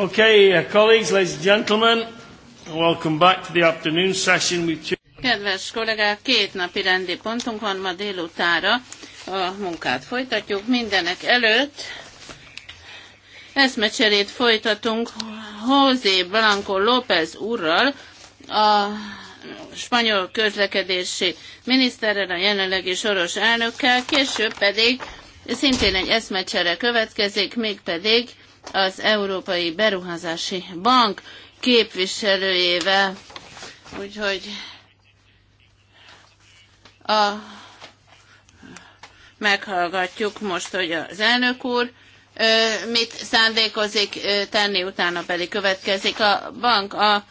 Okay, uh, colleagues, ladies and gentlemen, welcome back to the afternoon session with Kedves kollégák, két napi rendi pontunk van ma délutára. A munkát folytatjuk mindenek előtt. Eszmecserét folytatunk José Blanco López úrral, a spanyol közlekedési miniszterrel, a jelenlegi soros elnökkel, később pedig szintén egy eszmecsere következik, mégpedig az Európai Beruházási Bank képviselőjével. Úgyhogy a, meghallgatjuk most, hogy az elnök úr mit szándékozik tenni, utána pedig következik a bank. A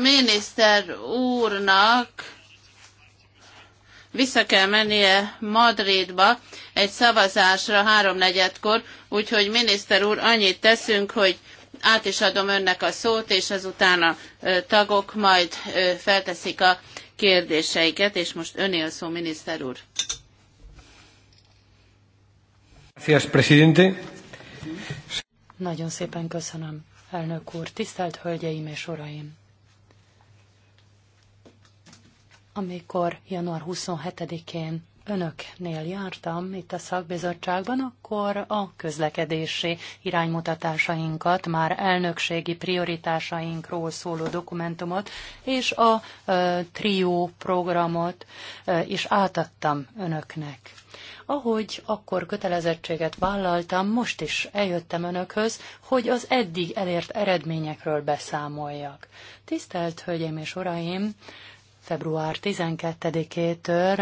miniszter úrnak vissza kell mennie Madridba egy szavazásra háromnegyedkor, úgyhogy miniszter úr, annyit teszünk, hogy át is adom önnek a szót, és azután a tagok majd felteszik a kérdéseiket, és most öné a szó, miniszter úr. Nagyon szépen köszönöm, elnök úr, tisztelt hölgyeim és uraim! amikor január 27-én önöknél jártam itt a szakbizottságban, akkor a közlekedési iránymutatásainkat, már elnökségi prioritásainkról szóló dokumentumot és a e, trió programot e, is átadtam önöknek. Ahogy akkor kötelezettséget vállaltam, most is eljöttem önökhöz, hogy az eddig elért eredményekről beszámoljak. Tisztelt Hölgyeim és Uraim, február 12-től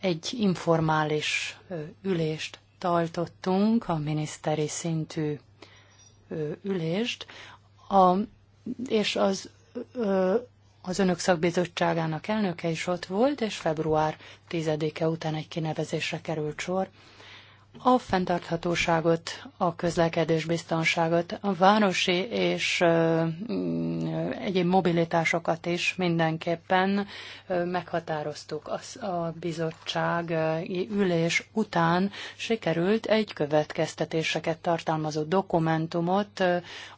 egy informális ülést tartottunk, a miniszteri szintű ülést, a, és az, az önök szakbizottságának elnöke is ott volt, és február 10-e után egy kinevezésre került sor a fenntarthatóságot, a közlekedés biztonságot, a városi és mm, egyéb mobilitásokat is mindenképpen meghatároztuk. A bizottság ülés után sikerült egy következtetéseket tartalmazó dokumentumot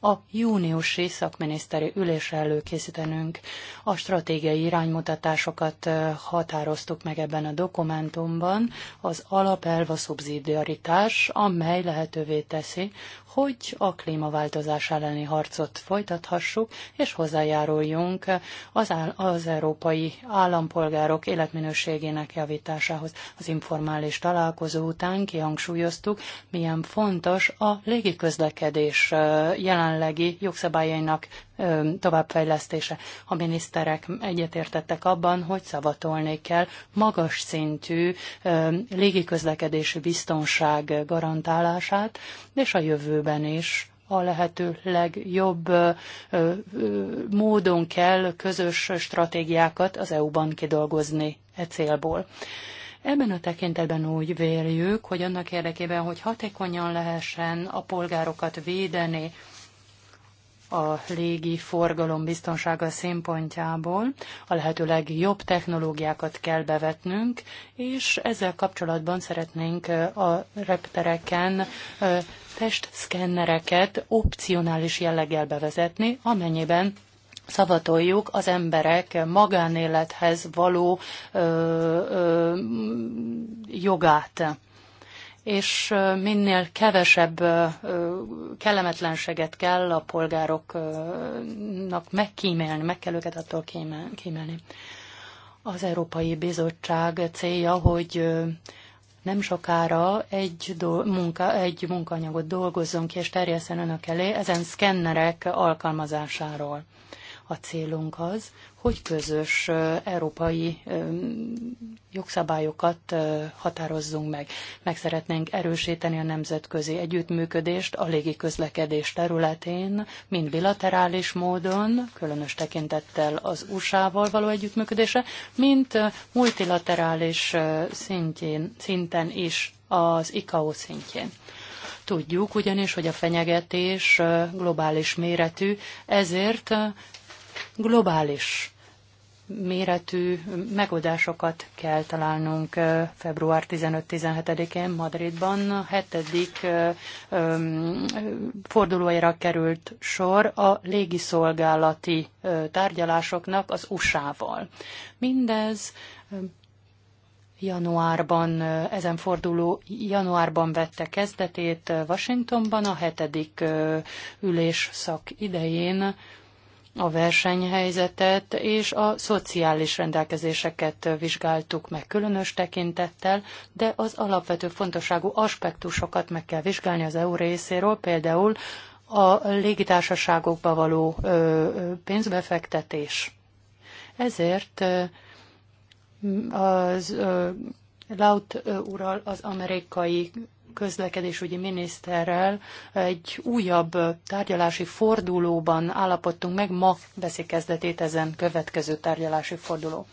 a júniusi szakminiszteri ülésre előkészítenünk. A stratégiai iránymutatásokat határoztuk meg ebben a dokumentumban, az alapelv a szubzidia prioritás, amely lehetővé teszi, hogy a klímaváltozás elleni harcot folytathassuk, és hozzájáruljunk az, az európai állampolgárok életminőségének javításához. Az informális találkozó után kihangsúlyoztuk, milyen fontos a légiközlekedés jelenlegi jogszabályainak továbbfejlesztése. A miniszterek egyetértettek abban, hogy szavatolni kell magas szintű légiközlekedési biztonság garantálását, és a jövő jövőben is a lehető legjobb módon kell közös stratégiákat az EU-ban kidolgozni e célból. Ebben a tekintetben úgy vérjük, hogy annak érdekében, hogy hatékonyan lehessen a polgárokat védeni, a légi forgalom biztonsága szempontjából a lehető legjobb technológiákat kell bevetnünk, és ezzel kapcsolatban szeretnénk a reptereken testszkennereket opcionális jelleggel bevezetni, amennyiben szavatoljuk az emberek magánélethez való ö, ö, jogát és minél kevesebb kellemetlenséget kell a polgároknak megkímélni, meg kell őket attól kímélni. Az Európai Bizottság célja, hogy nem sokára egy, do- munka, egy munkanyagot dolgozzon ki és terjeszen önök elé ezen szkennerek alkalmazásáról. A célunk az, hogy közös európai jogszabályokat határozzunk meg. Meg szeretnénk erősíteni a nemzetközi együttműködést a légi közlekedés területén, mind bilaterális módon, különös tekintettel az USA-val való együttműködése, mint multilaterális szintjén, szinten is az ICAO szintjén. Tudjuk ugyanis, hogy a fenyegetés globális méretű, ezért globális méretű megoldásokat kell találnunk február 15-17-én Madridban. A hetedik fordulójára került sor a légiszolgálati tárgyalásoknak az USA-val. Mindez januárban, ezen forduló januárban vette kezdetét Washingtonban a hetedik ülésszak idején a versenyhelyzetet és a szociális rendelkezéseket vizsgáltuk meg különös tekintettel, de az alapvető fontosságú aspektusokat meg kell vizsgálni az EU részéről, például a légitársaságokba való pénzbefektetés. Ezért az Laut úrral az amerikai közlekedésügyi miniszterrel egy újabb tárgyalási fordulóban állapodtunk meg, ma veszi kezdetét ezen következő tárgyalási forduló.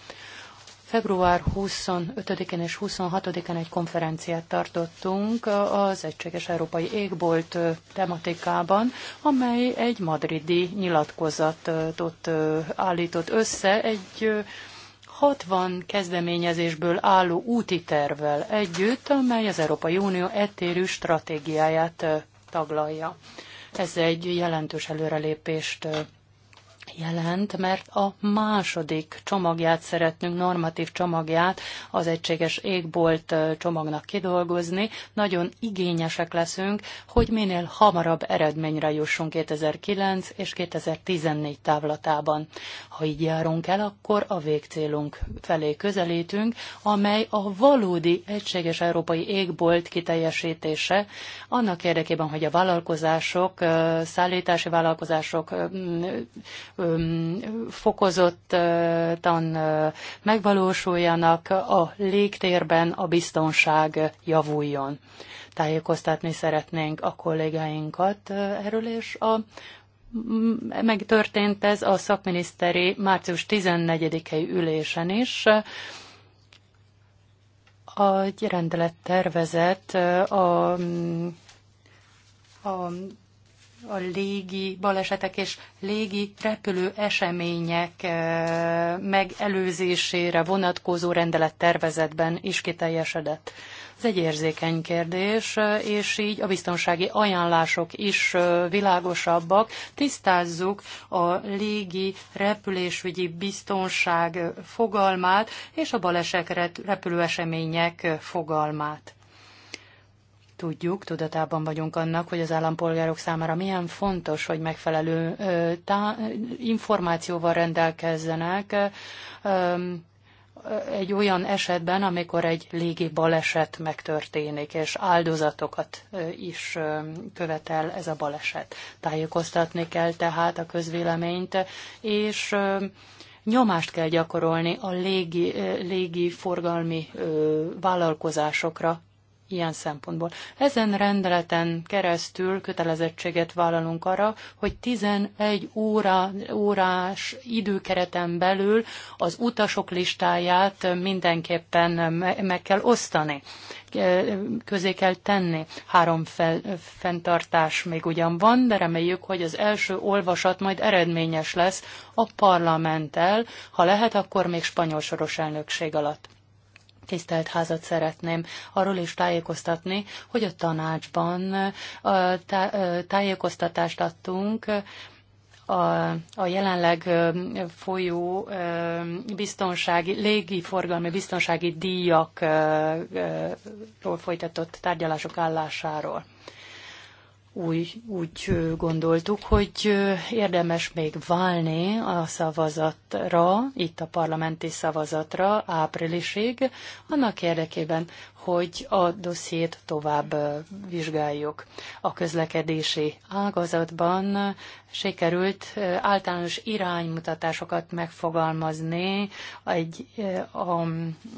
Február 25-én és 26-án egy konferenciát tartottunk az Egységes Európai Égbolt tematikában, amely egy madridi nyilatkozatot állított össze, egy 60 kezdeményezésből álló úti tervvel együtt, amely az Európai Unió ettérű stratégiáját taglalja. Ez egy jelentős előrelépést jelent, mert a második csomagját szeretnünk, normatív csomagját az egységes égbolt csomagnak kidolgozni. Nagyon igényesek leszünk, hogy minél hamarabb eredményre jussunk 2009 és 2014 távlatában. Ha így járunk el, akkor a végcélunk felé közelítünk, amely a valódi egységes európai égbolt kiteljesítése, annak érdekében, hogy a vállalkozások, szállítási vállalkozások, fokozottan megvalósuljanak a légtérben, a biztonság javuljon. Tájékoztatni szeretnénk a kollégáinkat erről, és a megtörtént ez a szakminiszteri március 14-i ülésen is, a rendelet tervezet a, a a légi balesetek és légi repülő események eh, megelőzésére vonatkozó rendelettervezetben is kiteljesedett. Ez egy érzékeny kérdés, eh, és így a biztonsági ajánlások is eh, világosabbak. Tisztázzuk a légi repülésügyi biztonság fogalmát és a balesek repülő események fogalmát. Tudjuk, tudatában vagyunk annak, hogy az állampolgárok számára milyen fontos, hogy megfelelő információval rendelkezzenek egy olyan esetben, amikor egy légi baleset megtörténik, és áldozatokat is követel ez a baleset. Tájékoztatni kell tehát a közvéleményt, és nyomást kell gyakorolni a légi, légi forgalmi vállalkozásokra, ilyen szempontból. Ezen rendeleten keresztül kötelezettséget vállalunk arra, hogy 11 óra, órás időkereten belül az utasok listáját mindenképpen meg kell osztani, közé kell tenni. Három fel, fenntartás még ugyan van, de reméljük, hogy az első olvasat majd eredményes lesz a parlamenttel, ha lehet, akkor még spanyol soros elnökség alatt tisztelt házat szeretném arról is tájékoztatni, hogy a tanácsban tájékoztatást adtunk a, a jelenleg folyó biztonsági, légiforgalmi biztonsági díjakról folytatott tárgyalások állásáról úgy, úgy gondoltuk, hogy érdemes még válni a szavazatra, itt a parlamenti szavazatra áprilisig, annak érdekében, hogy a dossziét tovább vizsgáljuk. A közlekedési ágazatban sikerült általános iránymutatásokat megfogalmazni egy a,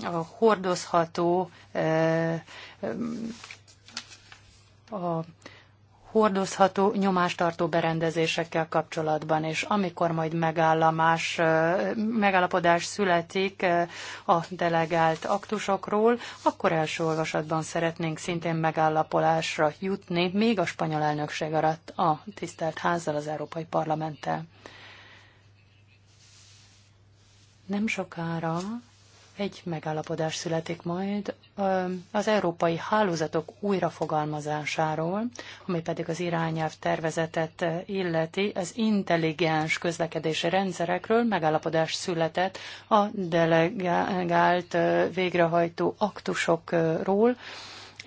a hordozható a, a hordozható nyomástartó berendezésekkel kapcsolatban, és amikor majd megállamás, megállapodás születik a delegált aktusokról, akkor első olvasatban szeretnénk szintén megállapolásra jutni, még a spanyol elnökség alatt a tisztelt házzal, az Európai Parlamenttel. Nem sokára egy megállapodás születik majd az európai hálózatok újrafogalmazásáról, ami pedig az irányelv tervezetet illeti, az intelligens közlekedési rendszerekről megállapodás született a delegált végrehajtó aktusokról,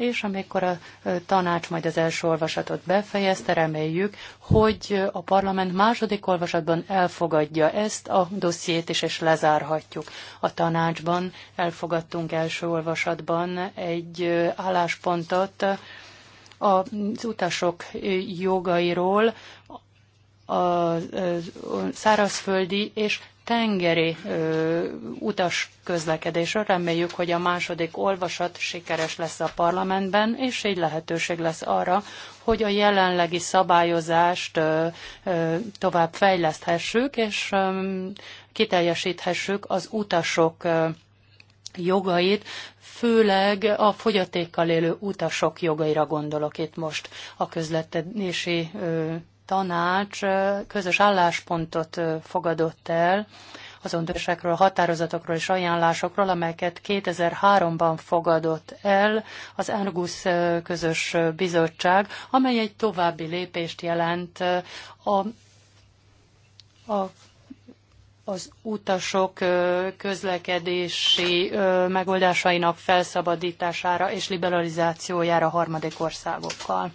és amikor a tanács majd az első olvasatot befejezte, reméljük, hogy a parlament második olvasatban elfogadja ezt a dossziét is, és lezárhatjuk. A tanácsban elfogadtunk első olvasatban egy álláspontot az utasok jogairól, a szárazföldi és tengeri ö, utas közlekedésről. Reméljük, hogy a második olvasat sikeres lesz a parlamentben, és így lehetőség lesz arra, hogy a jelenlegi szabályozást ö, ö, tovább fejleszthessük, és ö, kiteljesíthessük az utasok ö, jogait, főleg a fogyatékkal élő utasok jogaira gondolok itt most a közlekedési tanács közös álláspontot fogadott el azon döntésekről, határozatokról és ajánlásokról, amelyeket 2003-ban fogadott el az Ergus közös bizottság, amely egy további lépést jelent a, a az utasok közlekedési megoldásainak felszabadítására és liberalizációjára harmadik országokkal.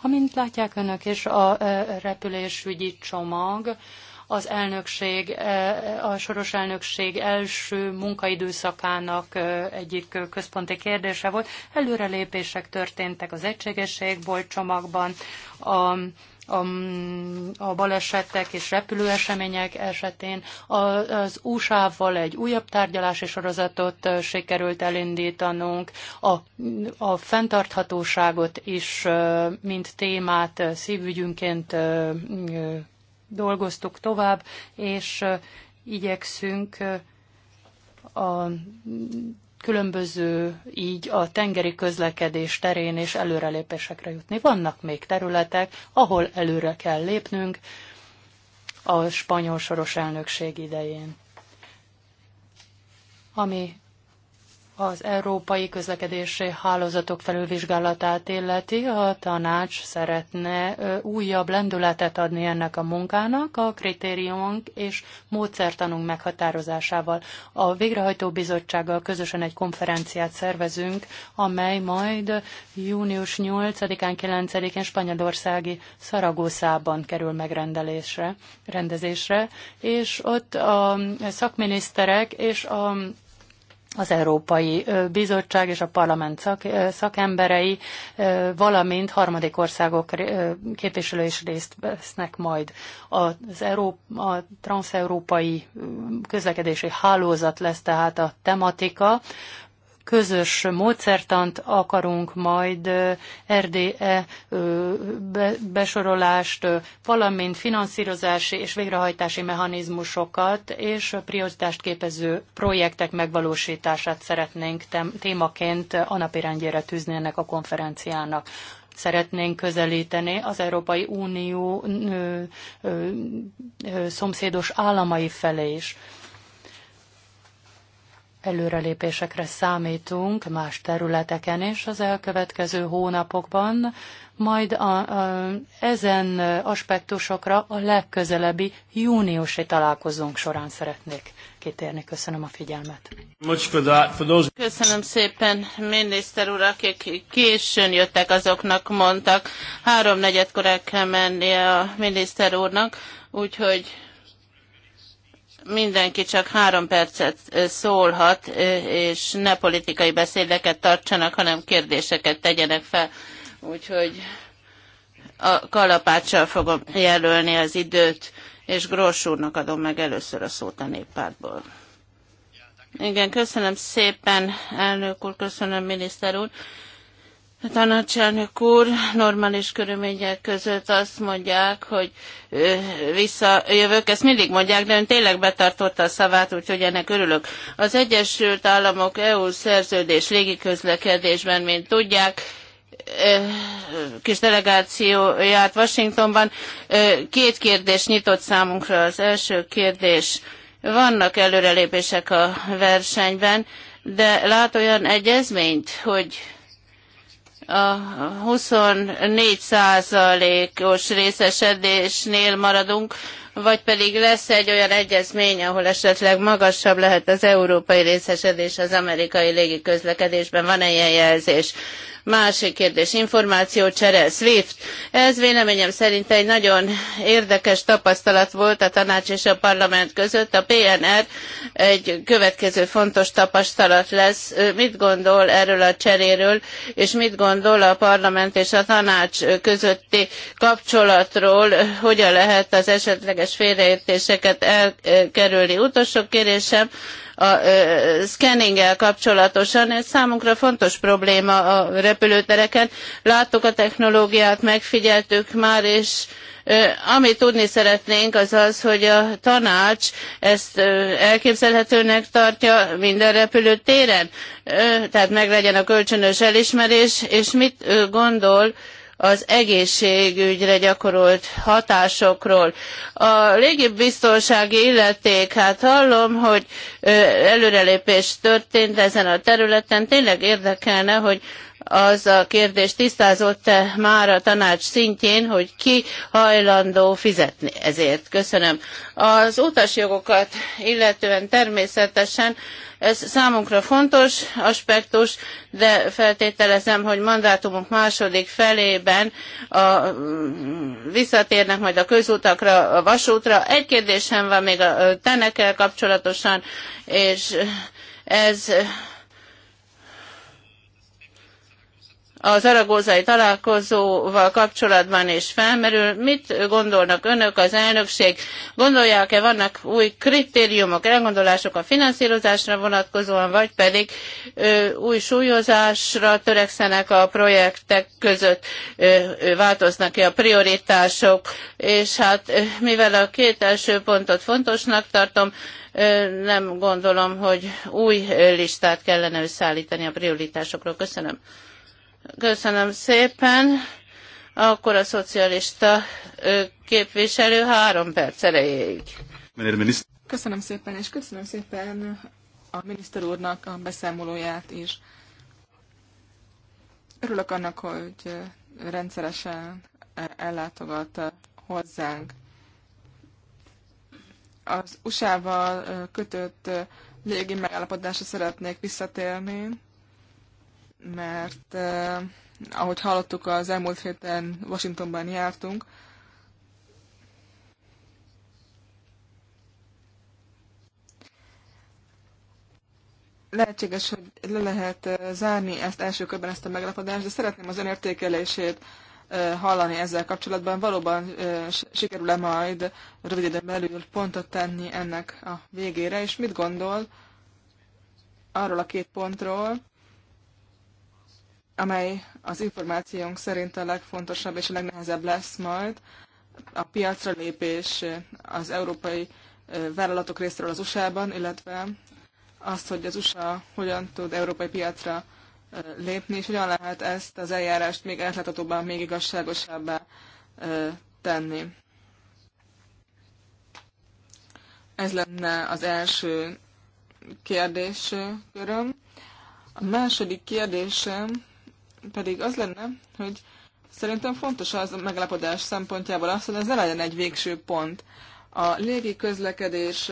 Amint látják önök is, a repülésügyi csomag az elnökség, a soros elnökség első munkaidőszakának egyik központi kérdése volt. Előrelépések történtek az egységességból csomagban, a a, a balesetek és repülőesemények esetén. Az USA-val egy újabb tárgyalási sorozatot sikerült elindítanunk, a, a fenntarthatóságot is, mint témát szívügyünként dolgoztuk tovább, és igyekszünk a különböző így a tengeri közlekedés terén és előrelépésekre jutni. Vannak még területek, ahol előre kell lépnünk a spanyol soros elnökség idején. Ami az európai közlekedési hálózatok felülvizsgálatát illeti, a tanács szeretne újabb lendületet adni ennek a munkának a kritériumok és módszertanunk meghatározásával. A végrehajtó bizottsággal közösen egy konferenciát szervezünk, amely majd június 8-án, 9-én Spanyolországi Szaragószában kerül megrendelésre, rendezésre, és ott a szakminiszterek és a az Európai Bizottság és a parlament szak, szakemberei, valamint harmadik országok képviselő is részt vesznek majd. Az Euró, a transeurópai közlekedési hálózat lesz tehát a tematika, közös módszertant akarunk majd RDE besorolást, valamint finanszírozási és végrehajtási mechanizmusokat és prioritást képező projektek megvalósítását szeretnénk témaként a napirendjére tűzni ennek a konferenciának szeretnénk közelíteni az Európai Unió ö, ö, ö, szomszédos államai felé is előrelépésekre számítunk más területeken is az elkövetkező hónapokban, majd a, a, ezen aspektusokra a legközelebbi júniusi találkozónk során szeretnék kitérni. Köszönöm a figyelmet. Köszönöm szépen, miniszter úr, akik későn jöttek, azoknak mondtak. Háromnegyedkor el kell mennie a miniszter úrnak, úgyhogy mindenki csak három percet szólhat, és ne politikai beszédeket tartsanak, hanem kérdéseket tegyenek fel. Úgyhogy a kalapáccsal fogom jelölni az időt, és Gross úrnak adom meg először a szót a néppártból. Igen, köszönöm szépen, elnök úr, köszönöm, miniszter úr. A tanácselnök úr normális körülmények között azt mondják, hogy visszajövök, ezt mindig mondják, de ön tényleg betartotta a szavát, úgyhogy ennek örülök. Az Egyesült Államok EU szerződés légiközlekedésben, mint tudják, kis delegáció járt Washingtonban. Két kérdés nyitott számunkra. Az első kérdés, vannak előrelépések a versenyben, de lát olyan egyezményt, hogy a 24 százalékos részesedésnél maradunk, vagy pedig lesz egy olyan egyezmény, ahol esetleg magasabb lehet az európai részesedés az amerikai légiközlekedésben. Van-e ilyen jelzés? Másik kérdés, információcsere, SWIFT. Ez véleményem szerint egy nagyon érdekes tapasztalat volt a tanács és a parlament között. A PNR egy következő fontos tapasztalat lesz. Mit gondol erről a cseréről, és mit gondol a parlament és a tanács közötti kapcsolatról, hogyan lehet az esetleges félreértéseket elkerülni. Utolsó kérésem, a szkenninggel kapcsolatosan. Ez számunkra fontos probléma a repülőtereken. Láttuk a technológiát, megfigyeltük már, és amit tudni szeretnénk, az az, hogy a tanács ezt elképzelhetőnek tartja minden repülőtéren, tehát meglegyen a kölcsönös elismerés, és mit gondol, az egészségügyre gyakorolt hatásokról. A légibiztonsági illeték, hát hallom, hogy előrelépés történt ezen a területen. Tényleg érdekelne, hogy az a kérdés tisztázott-e már a tanács szintjén, hogy ki hajlandó fizetni ezért. Köszönöm. Az utasjogokat illetően természetesen ez számunkra fontos aspektus, de feltételezem, hogy mandátumunk második felében a, visszatérnek majd a közutakra, a vasútra. Egy kérdésem van még a tenekkel kapcsolatosan, és ez a zaragozai találkozóval kapcsolatban is felmerül. Mit gondolnak önök, az elnökség? Gondolják-e, vannak új kritériumok, elgondolások a finanszírozásra vonatkozóan, vagy pedig ö, új súlyozásra törekszenek a projektek között, ö, ö, változnak -e a prioritások, és hát ö, mivel a két első pontot fontosnak tartom, nem gondolom, hogy új listát kellene összeállítani a prioritásokról. Köszönöm. Köszönöm szépen. Akkor a szocialista képviselő három perc erejéig. Köszönöm szépen, és köszönöm szépen a miniszter úrnak a beszámolóját is. Örülök annak, hogy rendszeresen ellátogat hozzánk. Az USA-val kötött légi megállapodásra szeretnék visszatérni mert eh, ahogy hallottuk, az elmúlt héten Washingtonban jártunk, lehetséges, hogy le lehet eh, zárni ezt első körben ezt a meglepadást, de szeretném az önértékelését eh, hallani ezzel kapcsolatban. Valóban eh, sikerül-e majd rövid időn belül pontot tenni ennek a végére, és mit gondol arról a két pontról, amely az információnk szerint a legfontosabb és a legnehezebb lesz majd. A piacra lépés az európai vállalatok részéről az USA-ban, illetve azt, hogy az USA hogyan tud európai piacra lépni, és hogyan lehet ezt az eljárást még átláthatóbbá, még igazságosabbá tenni. Ez lenne az első köröm. A második kérdésem pedig az lenne, hogy szerintem fontos az a meglepodás szempontjából az, hogy ez ne legyen egy végső pont. A légi közlekedés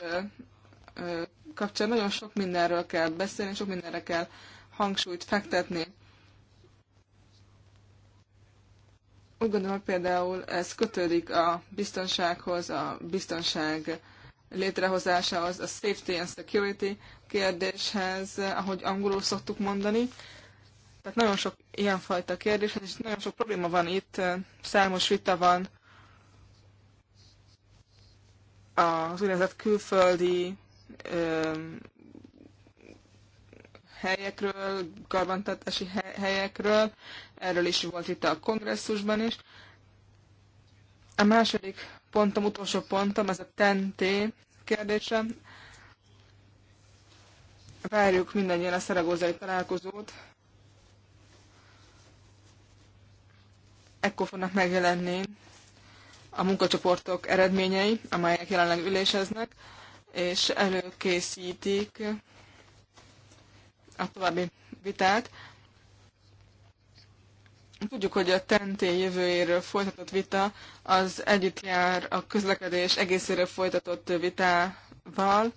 kapcsán nagyon sok mindenről kell beszélni, sok mindenre kell hangsúlyt fektetni. Úgy gondolom, például ez kötődik a biztonsághoz, a biztonság létrehozásához, a safety and security kérdéshez, ahogy angolul szoktuk mondani, tehát nagyon sok ilyenfajta kérdés, és nagyon sok probléma van itt, számos vita van az úgynevezett külföldi ö, helyekről, karbantartási helyekről, erről is volt itt a kongresszusban is. A második pontom, utolsó pontom, ez a TNT kérdése. Várjuk mindannyian a szeregózai találkozót, ekkor fognak megjelenni a munkacsoportok eredményei, amelyek jelenleg üléseznek, és előkészítik a további vitát. Tudjuk, hogy a tenté jövőjéről folytatott vita az együtt jár a közlekedés egészéről folytatott vitával,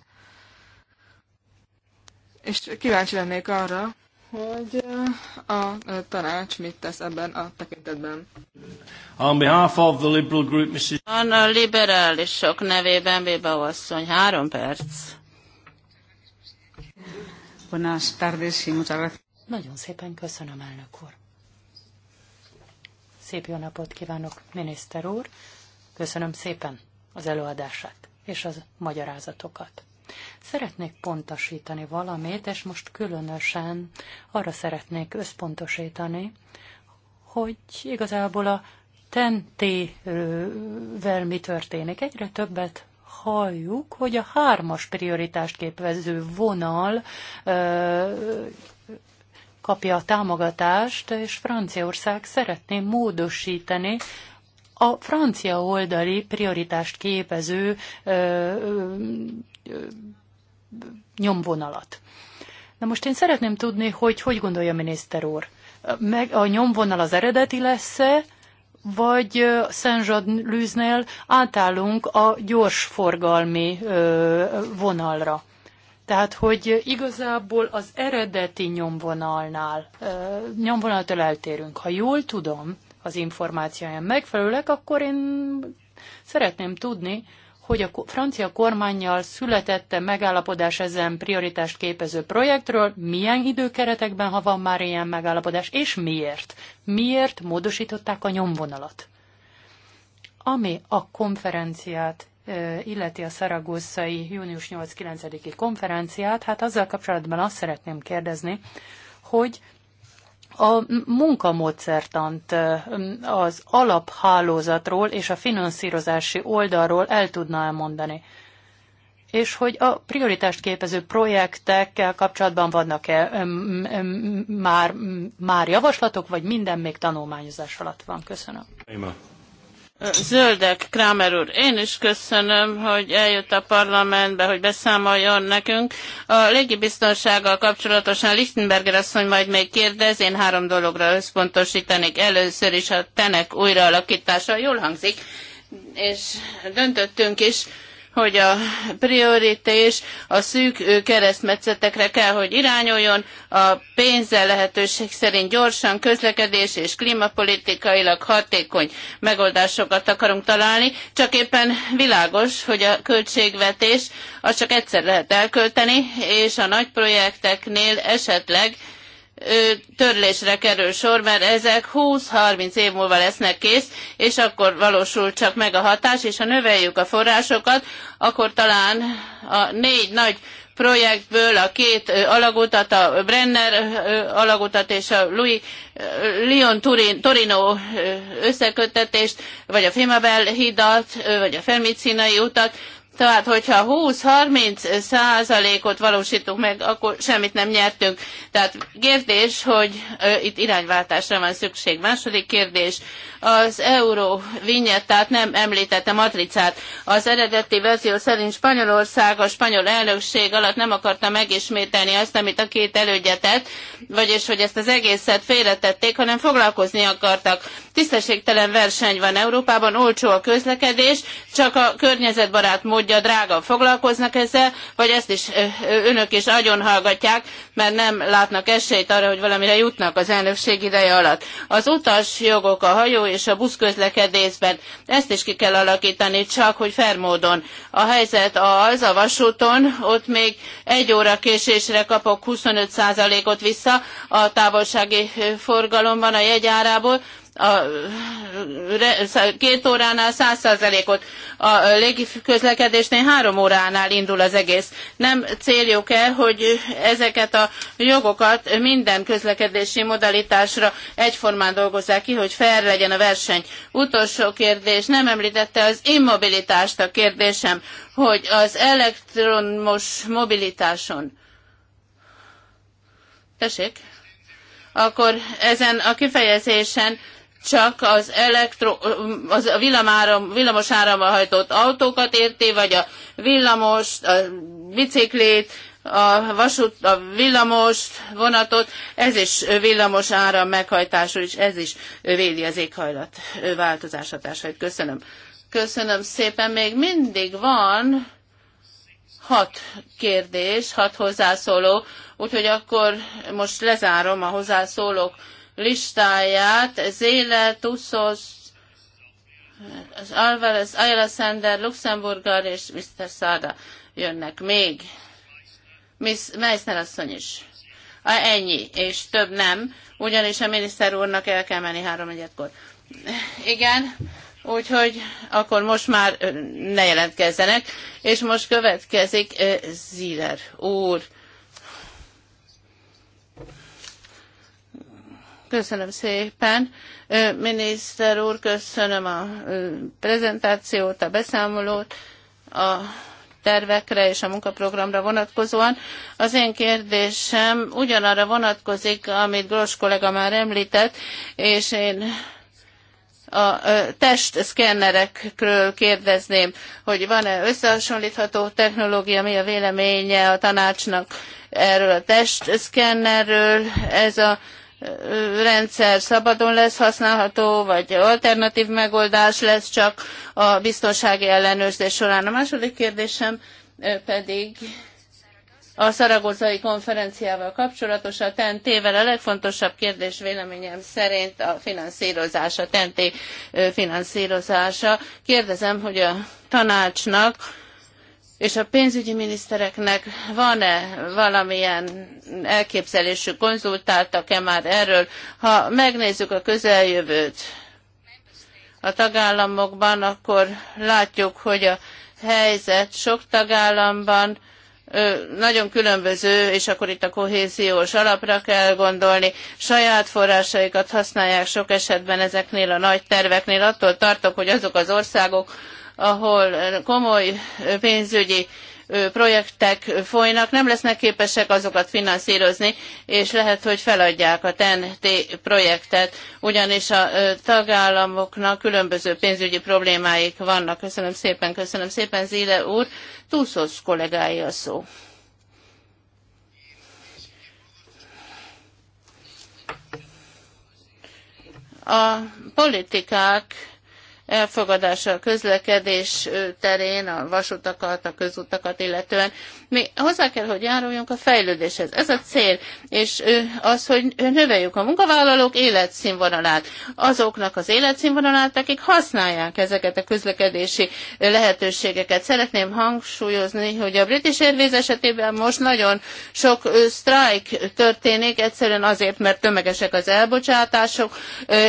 és kíváncsi lennék arra, hogy a tanács mit tesz ebben a tekintetben. On behalf of the Liberal Group, Mrs. On a liberálisok nevében Béba asszony, három perc. Buenas tardes y muchas gracias. Nagyon szépen köszönöm, elnök úr. Szép jó napot kívánok, miniszter úr. Köszönöm szépen az előadását és az magyarázatokat. Szeretnék pontosítani valamit, és most különösen arra szeretnék összpontosítani, hogy igazából a tentével mi történik. Egyre többet halljuk, hogy a hármas prioritást képvező vonal ö, kapja a támogatást, és Franciaország szeretné módosítani a francia oldali prioritást képező ö, ö, ö, nyomvonalat. Na most én szeretném tudni, hogy hogy gondolja a miniszter úr. Meg a nyomvonal az eredeti lesz-e, vagy Saint-Jean-Luznél átállunk a gyorsforgalmi vonalra. Tehát, hogy igazából az eredeti nyomvonalnál, nyomvonaltól eltérünk. Ha jól tudom, az információján megfelelőek, akkor én szeretném tudni, hogy a francia kormányjal születette megállapodás ezen prioritást képező projektről, milyen időkeretekben, ha van már ilyen megállapodás, és miért? Miért módosították a nyomvonalat? Ami a konferenciát illeti a szaragosszai június 8-9-i konferenciát, hát azzal kapcsolatban azt szeretném kérdezni, hogy a munkamódszertant az alaphálózatról és a finanszírozási oldalról el tudna elmondani és hogy a prioritást képező projektekkel kapcsolatban vannak-e már, már javaslatok, vagy minden még tanulmányozás alatt van? Köszönöm. Zöldek, Kramer úr, én is köszönöm, hogy eljött a parlamentbe, hogy beszámoljon nekünk. A légibiztonsággal kapcsolatosan Lichtenberger asszony majd még kérdez, én három dologra összpontosítanék. Először is a tenek újraalakítása jól hangzik, és döntöttünk is, hogy a prioritás a szűk keresztmetszetekre kell, hogy irányuljon, a pénzzel lehetőség szerint gyorsan közlekedés és klímapolitikailag hatékony megoldásokat akarunk találni, csak éppen világos, hogy a költségvetés azt csak egyszer lehet elkölteni, és a nagy projekteknél esetleg törlésre kerül sor, mert ezek 20-30 év múlva lesznek kész, és akkor valósul csak meg a hatás, és ha növeljük a forrásokat, akkor talán a négy nagy projektből a két alagutat, a Brenner alagutat és a Louis Lyon Torino összeköttetést, vagy a Fimabel hidat, vagy a Felmicinai utat tehát, hogyha 20-30 százalékot valósítunk meg, akkor semmit nem nyertünk. Tehát kérdés, hogy ö, itt irányváltásra van szükség. Második kérdés, az euró vinyettát nem említette matricát. Az eredeti verzió szerint Spanyolország a spanyol elnökség alatt nem akarta megismételni azt, amit a két elődjetett, vagyis hogy ezt az egészet félretették, hanem foglalkozni akartak. Tisztességtelen verseny van Európában, olcsó a közlekedés, csak a környezetbarát módja drága foglalkoznak ezzel, vagy ezt is önök is agyon hallgatják, mert nem látnak esélyt arra, hogy valamire jutnak az elnökség ideje alatt. Az jogok a hajó és a buszközlekedésben. Ezt is ki kell alakítani, csak hogy fermódon. A helyzet az, a vasúton, ott még egy óra késésre kapok 25%-ot vissza a távolsági forgalomban a jegyárából, a két óránál száz százalékot, a légi közlekedésnél három óránál indul az egész. Nem céljuk el, hogy ezeket a jogokat minden közlekedési modalitásra egyformán dolgozzák ki, hogy fel legyen a verseny. Utolsó kérdés, nem említette az immobilitást a kérdésem, hogy az elektromos mobilitáson. Tessék? Akkor ezen a kifejezésen csak az, elektro, az a villamáram, villamos árammal hajtott autókat érti, vagy a villamos, a biciklét, a vasút, a villamos vonatot, ez is villamos áram meghajtású, és ez is védi az éghajlat változás hatásait. Köszönöm. Köszönöm szépen. Még mindig van hat kérdés, hat hozzászóló, úgyhogy akkor most lezárom a hozzászólók listáját. Zéle, Tussos, az Alvarez, Ayala Sender, Luxemburger és Mr. Sada jönnek még. Miss Meissner asszony is. A, ennyi, és több nem, ugyanis a miniszter úrnak el kell menni három egyetkor. Igen, úgyhogy akkor most már ne jelentkezzenek, és most következik Ziller úr. Köszönöm szépen. Miniszter úr, köszönöm a prezentációt, a beszámolót, a tervekre és a munkaprogramra vonatkozóan. Az én kérdésem ugyanarra vonatkozik, amit Gross kollega már említett, és én a testszkennerekről kérdezném, hogy van-e összehasonlítható technológia, mi a véleménye a tanácsnak erről a testszkennerről. Ez a rendszer szabadon lesz használható, vagy alternatív megoldás lesz csak a biztonsági ellenőrzés során. A második kérdésem pedig a szaragozai konferenciával kapcsolatos a TEN-T-vel a legfontosabb kérdés véleményem szerint a finanszírozása, TEN-T finanszírozása. Kérdezem, hogy a tanácsnak és a pénzügyi minisztereknek van-e valamilyen elképzelésük, konzultáltak-e már erről? Ha megnézzük a közeljövőt a tagállamokban, akkor látjuk, hogy a helyzet sok tagállamban nagyon különböző, és akkor itt a kohéziós alapra kell gondolni. Saját forrásaikat használják sok esetben ezeknél a nagy terveknél. Attól tartok, hogy azok az országok, ahol komoly pénzügyi projektek folynak, nem lesznek képesek azokat finanszírozni, és lehet, hogy feladják a TEN-T projektet, ugyanis a tagállamoknak különböző pénzügyi problémáik vannak. Köszönöm szépen, köszönöm szépen, Zile úr. Túszosz kollégái a szó. A politikák elfogadása a közlekedés terén, a vasutakat, a közutakat illetően. Mi hozzá kell, hogy járuljunk a fejlődéshez. Ez a cél, és az, hogy növeljük a munkavállalók életszínvonalát, azoknak az életszínvonalát, akik használják ezeket a közlekedési lehetőségeket. Szeretném hangsúlyozni, hogy a British Airways esetében most nagyon sok sztrájk történik, egyszerűen azért, mert tömegesek az elbocsátások,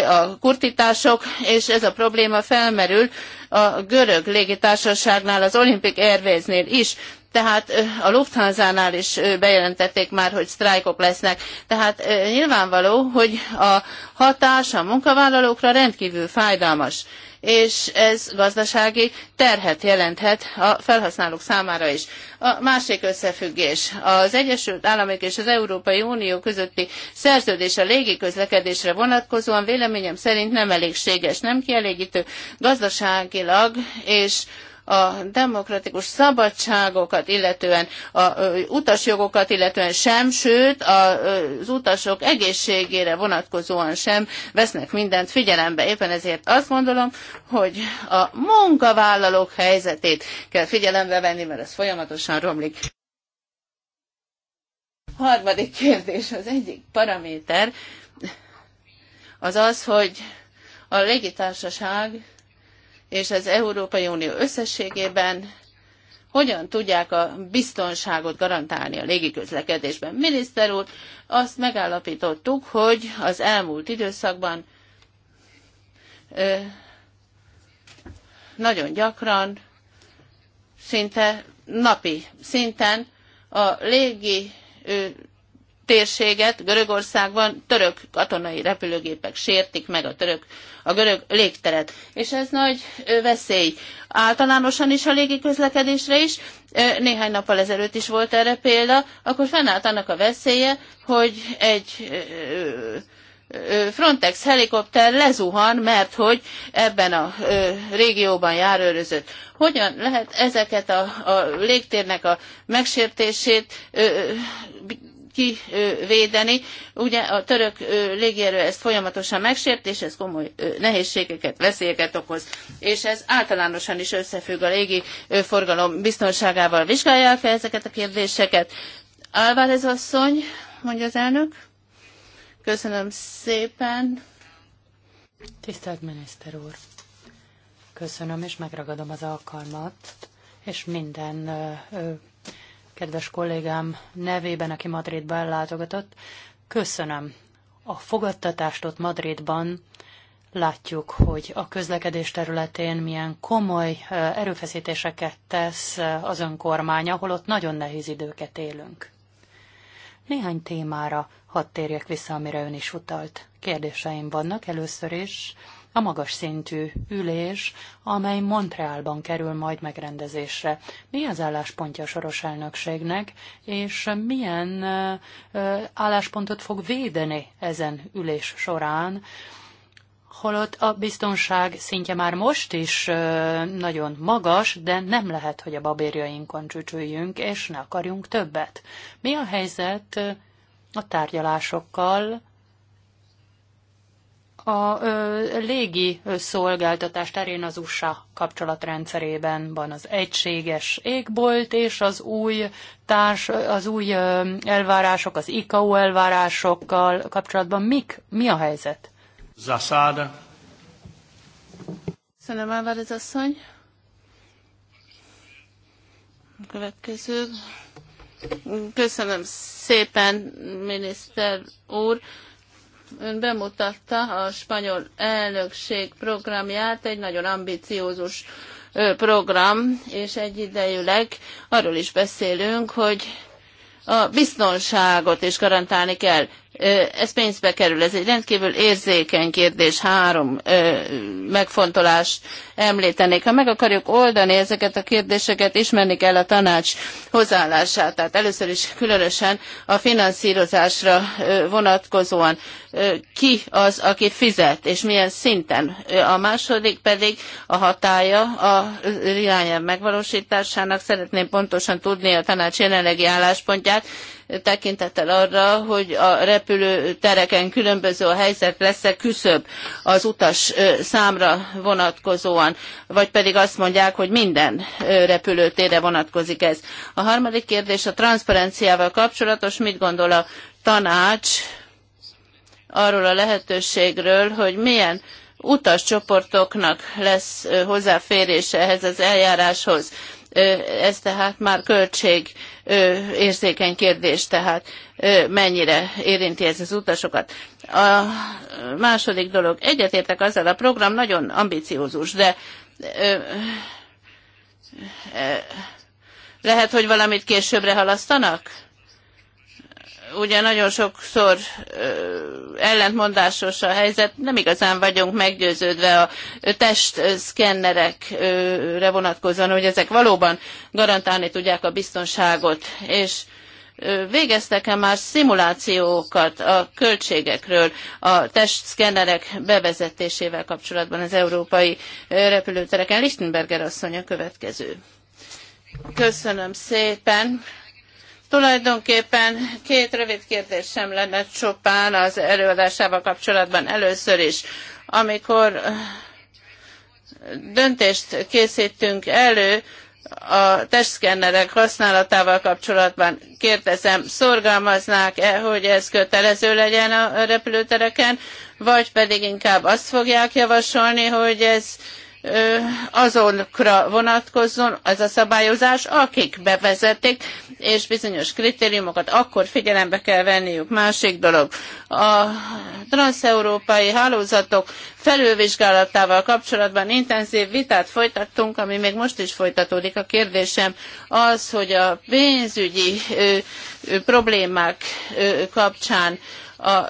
a kurtítások, és ez a probléma felmerül a görög légitársaságnál, az Olympic Airways-nél is. Tehát a Lufthansa-nál is bejelentették már, hogy sztrájkok lesznek. Tehát nyilvánvaló, hogy a hatás a munkavállalókra rendkívül fájdalmas és ez gazdasági terhet jelenthet a felhasználók számára is. A másik összefüggés. Az Egyesült Államok és az Európai Unió közötti szerződés a légiközlekedésre vonatkozóan véleményem szerint nem elégséges, nem kielégítő gazdaságilag és a demokratikus szabadságokat, illetően a utasjogokat, illetően sem, sőt az utasok egészségére vonatkozóan sem vesznek mindent figyelembe. Éppen ezért azt gondolom, hogy a munkavállalók helyzetét kell figyelembe venni, mert ez folyamatosan romlik. Harmadik kérdés, az egyik paraméter az az, hogy a légitársaság és az Európai Unió összességében hogyan tudják a biztonságot garantálni a légiközlekedésben. Miniszter úr, azt megállapítottuk, hogy az elmúlt időszakban ö, nagyon gyakran, szinte napi szinten a légi térséget Görögországban török katonai repülőgépek sértik meg a török, a görög légteret. És ez nagy veszély általánosan is a közlekedésre is. Néhány nappal ezelőtt is volt erre példa, akkor fennállt annak a veszélye, hogy egy Frontex helikopter lezuhan, mert hogy ebben a régióban járőrözött. Hogyan lehet ezeket a, a légtérnek a megsértését kivédeni. Ugye a török légierő ezt folyamatosan megsért, és ez komoly nehézségeket, veszélyeket okoz. És ez általánosan is összefügg a légi forgalom biztonságával. Vizsgálják -e ezeket a kérdéseket? Álvarez asszony, mondja az elnök. Köszönöm szépen. Tisztelt miniszter úr! Köszönöm, és megragadom az alkalmat, és minden kedves kollégám nevében, aki Madridba ellátogatott. Köszönöm. A fogadtatást ott Madridban látjuk, hogy a közlekedés területén milyen komoly erőfeszítéseket tesz az önkormány, ahol ott nagyon nehéz időket élünk. Néhány témára hadd térjek vissza, amire ön is utalt. Kérdéseim vannak először is a magas szintű ülés, amely Montrealban kerül majd megrendezésre. Mi az álláspontja a soros elnökségnek, és milyen álláspontot fog védeni ezen ülés során, holott a biztonság szintje már most is nagyon magas, de nem lehet, hogy a babérjainkon csücsüljünk, és ne akarjunk többet. Mi a helyzet a tárgyalásokkal a ö, légi szolgáltatás terén az USA kapcsolatrendszerében van az egységes égbolt és az új társ, az új ö, elvárások, az Iku elvárásokkal kapcsolatban. Mik, mi a helyzet? Zaszáda. Köszönöm, Álvarez asszony. következő. Köszönöm szépen, miniszter úr. Ön bemutatta a spanyol elnökség programját, egy nagyon ambiciózus program, és egyidejűleg arról is beszélünk, hogy a biztonságot is garantálni kell. Ez pénzbe kerül, ez egy rendkívül érzékeny kérdés, három megfontolás említenék. Ha meg akarjuk oldani ezeket a kérdéseket, ismerni kell a tanács hozzáállását. Tehát először is különösen a finanszírozásra vonatkozóan ki az, aki fizet, és milyen szinten. A második pedig a hatája a irányelv megvalósításának. Szeretném pontosan tudni a tanács jelenlegi álláspontját, tekintettel arra, hogy a repülőtereken különböző a helyzet lesz-e küszöbb az utas számra vonatkozóan van, vagy pedig azt mondják, hogy minden repülőtérre vonatkozik ez. A harmadik kérdés a transzparenciával kapcsolatos, mit gondol a tanács arról a lehetőségről, hogy milyen utascsoportoknak lesz hozzáférése ehhez az eljáráshoz ez tehát már költség érzékeny kérdés, tehát mennyire érinti ez az utasokat. A második dolog, egyetértek azzal, a program nagyon ambiciózus, de lehet, hogy valamit későbbre halasztanak? ugye nagyon sokszor ellentmondásos a helyzet, nem igazán vagyunk meggyőződve a testszkennerekre vonatkozóan, hogy ezek valóban garantálni tudják a biztonságot, és végeztek-e már szimulációkat a költségekről a testszkennerek bevezetésével kapcsolatban az európai repülőtereken? Lichtenberger asszony a következő. Köszönöm szépen. Tulajdonképpen két rövid kérdésem lenne csupán az előadásával kapcsolatban először is. Amikor eh, döntést készítünk elő, a testszkennerek használatával kapcsolatban kérdezem, szorgalmaznák-e, hogy ez kötelező legyen a repülőtereken, vagy pedig inkább azt fogják javasolni, hogy ez azonra vonatkozzon ez a szabályozás, akik bevezetik, és bizonyos kritériumokat akkor figyelembe kell venniük. Másik dolog, a transeurópai hálózatok felülvizsgálatával kapcsolatban intenzív vitát folytattunk, ami még most is folytatódik. A kérdésem az, hogy a pénzügyi ö, ö, problémák ö, kapcsán a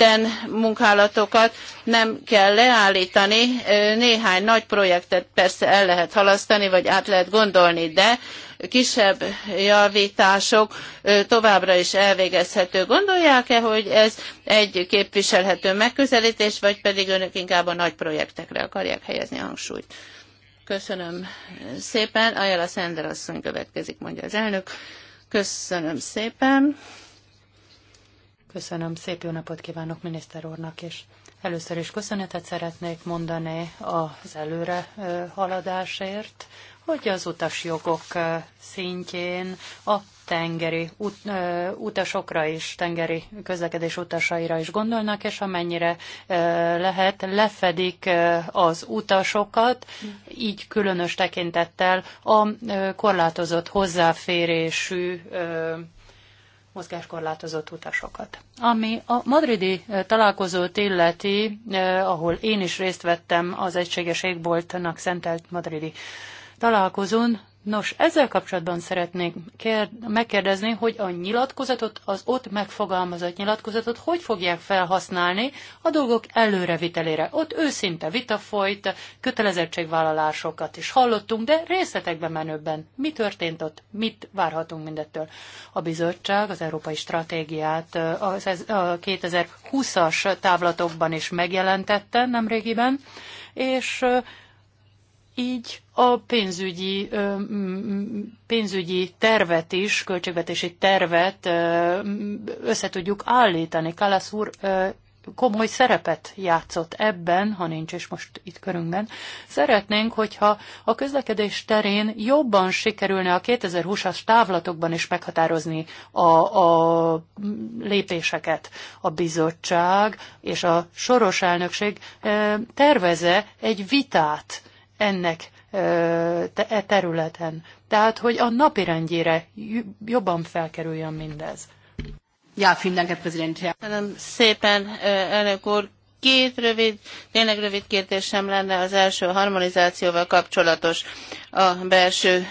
ten munkálatokat nem kell leállítani. Néhány nagy projektet persze el lehet halasztani, vagy át lehet gondolni, de kisebb javítások továbbra is elvégezhető. Gondolják-e, hogy ez egy képviselhető megközelítés, vagy pedig önök inkább a nagy projektekre akarják helyezni a hangsúlyt? Köszönöm szépen. Ajala Szender asszony következik, mondja az elnök. Köszönöm szépen. Köszönöm, szép jó napot kívánok miniszter úrnak és Először is köszönetet szeretnék mondani az előre haladásért, hogy az utasjogok szintjén a tengeri ut, utasokra is, tengeri közlekedés utasaira is gondolnak, és amennyire lehet, lefedik az utasokat, így különös tekintettel a korlátozott hozzáférésű mozgáskorlátozott utasokat. Ami a madridi találkozót illeti, ahol én is részt vettem az egységes égboltnak szentelt madridi találkozón, Nos, ezzel kapcsolatban szeretnék kér, megkérdezni, hogy a nyilatkozatot, az ott megfogalmazott nyilatkozatot hogy fogják felhasználni a dolgok előrevitelére. Ott őszinte vita folyt, kötelezettségvállalásokat is hallottunk, de részletekbe menőbben. Mi történt ott? Mit várhatunk mindettől? A bizottság az európai stratégiát a 2020-as távlatokban is megjelentette nemrégiben, és így a pénzügyi, pénzügyi tervet is, költségvetési tervet összetudjuk állítani. Kalasz úr komoly szerepet játszott ebben, ha nincs is most itt körünkben. Szeretnénk, hogyha a közlekedés terén jobban sikerülne a 2020-as távlatokban is meghatározni a, a lépéseket. A bizottság és a soros elnökség terveze egy vitát ennek e területen. Tehát, hogy a napi rendjére jobban felkerüljön mindez. Ja, vielen Dank, Herr Präsident. Köszönöm szépen, elnök úr Két rövid, tényleg rövid kérdésem lenne az első a harmonizációval kapcsolatos a belső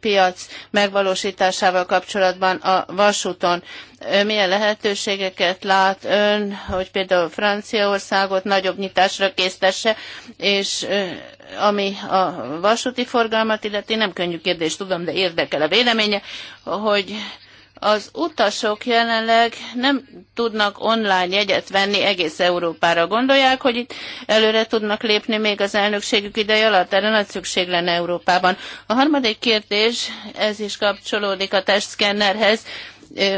piac megvalósításával kapcsolatban a vasúton. Milyen lehetőségeket lát ön, hogy például Franciaországot nagyobb nyitásra késztesse, és ami a vasúti forgalmat illeti, nem könnyű kérdés, tudom, de érdekel a véleménye, hogy az utasok jelenleg nem tudnak online jegyet venni egész Európára. Gondolják, hogy itt előre tudnak lépni még az elnökségük ideje alatt? Erre nagy szükség lenne Európában. A harmadik kérdés, ez is kapcsolódik a testszkennerhez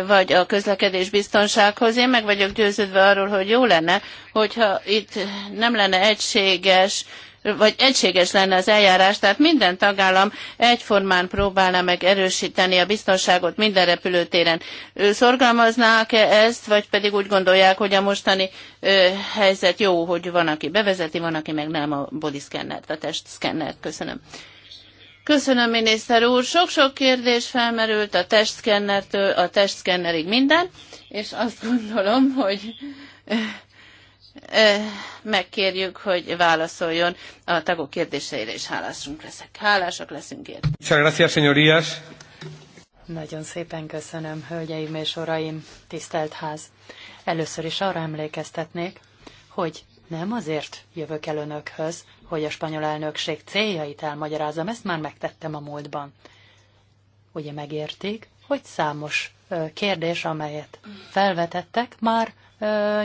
vagy a közlekedés biztonsághoz. Én meg vagyok győződve arról, hogy jó lenne, hogyha itt nem lenne egységes vagy egységes lenne az eljárás, tehát minden tagállam egyformán próbálna meg erősíteni a biztonságot minden repülőtéren. Szorgalmaznák-e ezt, vagy pedig úgy gondolják, hogy a mostani helyzet jó, hogy van, aki bevezeti, van, aki meg nem a body scannert, a testszkennert. Köszönöm. Köszönöm, miniszter úr. Sok-sok kérdés felmerült a testszkennertől a testszkennerig minden, és azt gondolom, hogy megkérjük, hogy válaszoljon a tagok kérdéseire, és hálásunk leszek. Hálásak leszünk érte. Nagyon szépen köszönöm, hölgyeim és uraim, tisztelt ház. Először is arra emlékeztetnék, hogy nem azért jövök el önökhöz, hogy a spanyol elnökség céljait elmagyarázzam, ezt már megtettem a múltban. Ugye megértik, hogy számos kérdés, amelyet felvetettek, már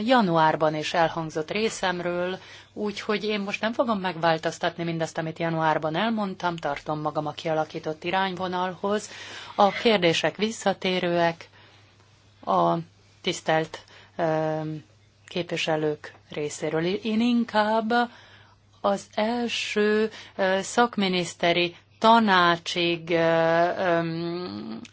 januárban is elhangzott részemről, úgyhogy én most nem fogom megváltoztatni mindazt, amit januárban elmondtam, tartom magam a kialakított irányvonalhoz. A kérdések visszatérőek, a tisztelt képviselők részéről. Én inkább az első szakminiszteri tanácsig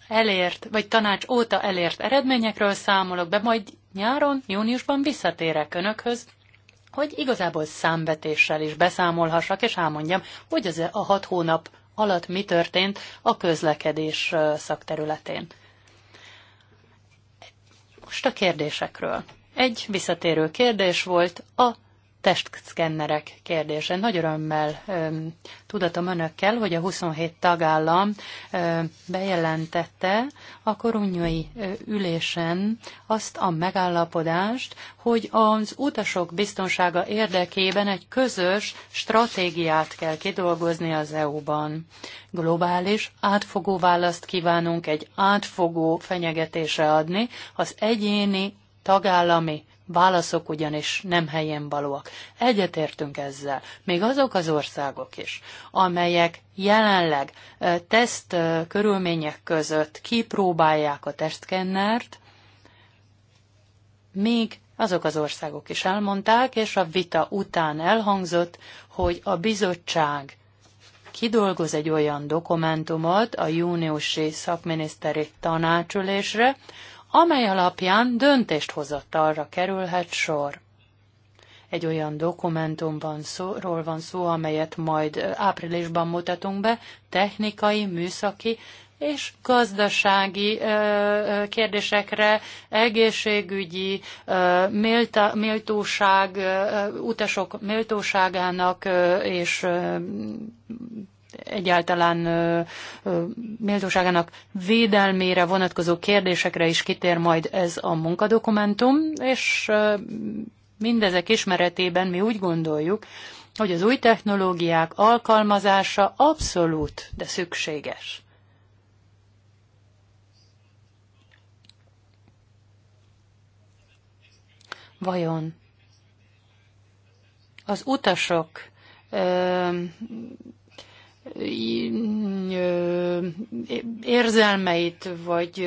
elért, vagy tanács óta elért eredményekről számolok be, majd nyáron, júniusban visszatérek önökhöz, hogy igazából számvetéssel is beszámolhassak, és elmondjam, hogy ez a hat hónap alatt mi történt a közlekedés szakterületén. Most a kérdésekről. Egy visszatérő kérdés volt a testszkennerek kérdése. Nagy örömmel öm, tudatom önökkel, hogy a 27 tagállam öm, bejelentette a korunyai ülésen azt a megállapodást, hogy az utasok biztonsága érdekében egy közös stratégiát kell kidolgozni az EU-ban. Globális, átfogó választ kívánunk egy átfogó fenyegetésre adni az egyéni, tagállami válaszok ugyanis nem helyen valóak. Egyetértünk ezzel. Még azok az országok is, amelyek jelenleg teszt körülmények között kipróbálják a testkennert, még azok az országok is elmondták, és a vita után elhangzott, hogy a bizottság kidolgoz egy olyan dokumentumot a júniusi szakminiszteri tanácsülésre, amely alapján döntést hozott arra kerülhet sor. Egy olyan dokumentumban szóról van szó, amelyet majd áprilisban mutatunk be, technikai, műszaki és gazdasági ö, kérdésekre, egészségügyi, ö, mélta, méltóság, ö, utasok méltóságának ö, és ö, egyáltalán ö, ö, méltóságának védelmére vonatkozó kérdésekre is kitér majd ez a munkadokumentum, és ö, mindezek ismeretében mi úgy gondoljuk, hogy az új technológiák alkalmazása abszolút, de szükséges. Vajon az utasok érzelmeit, vagy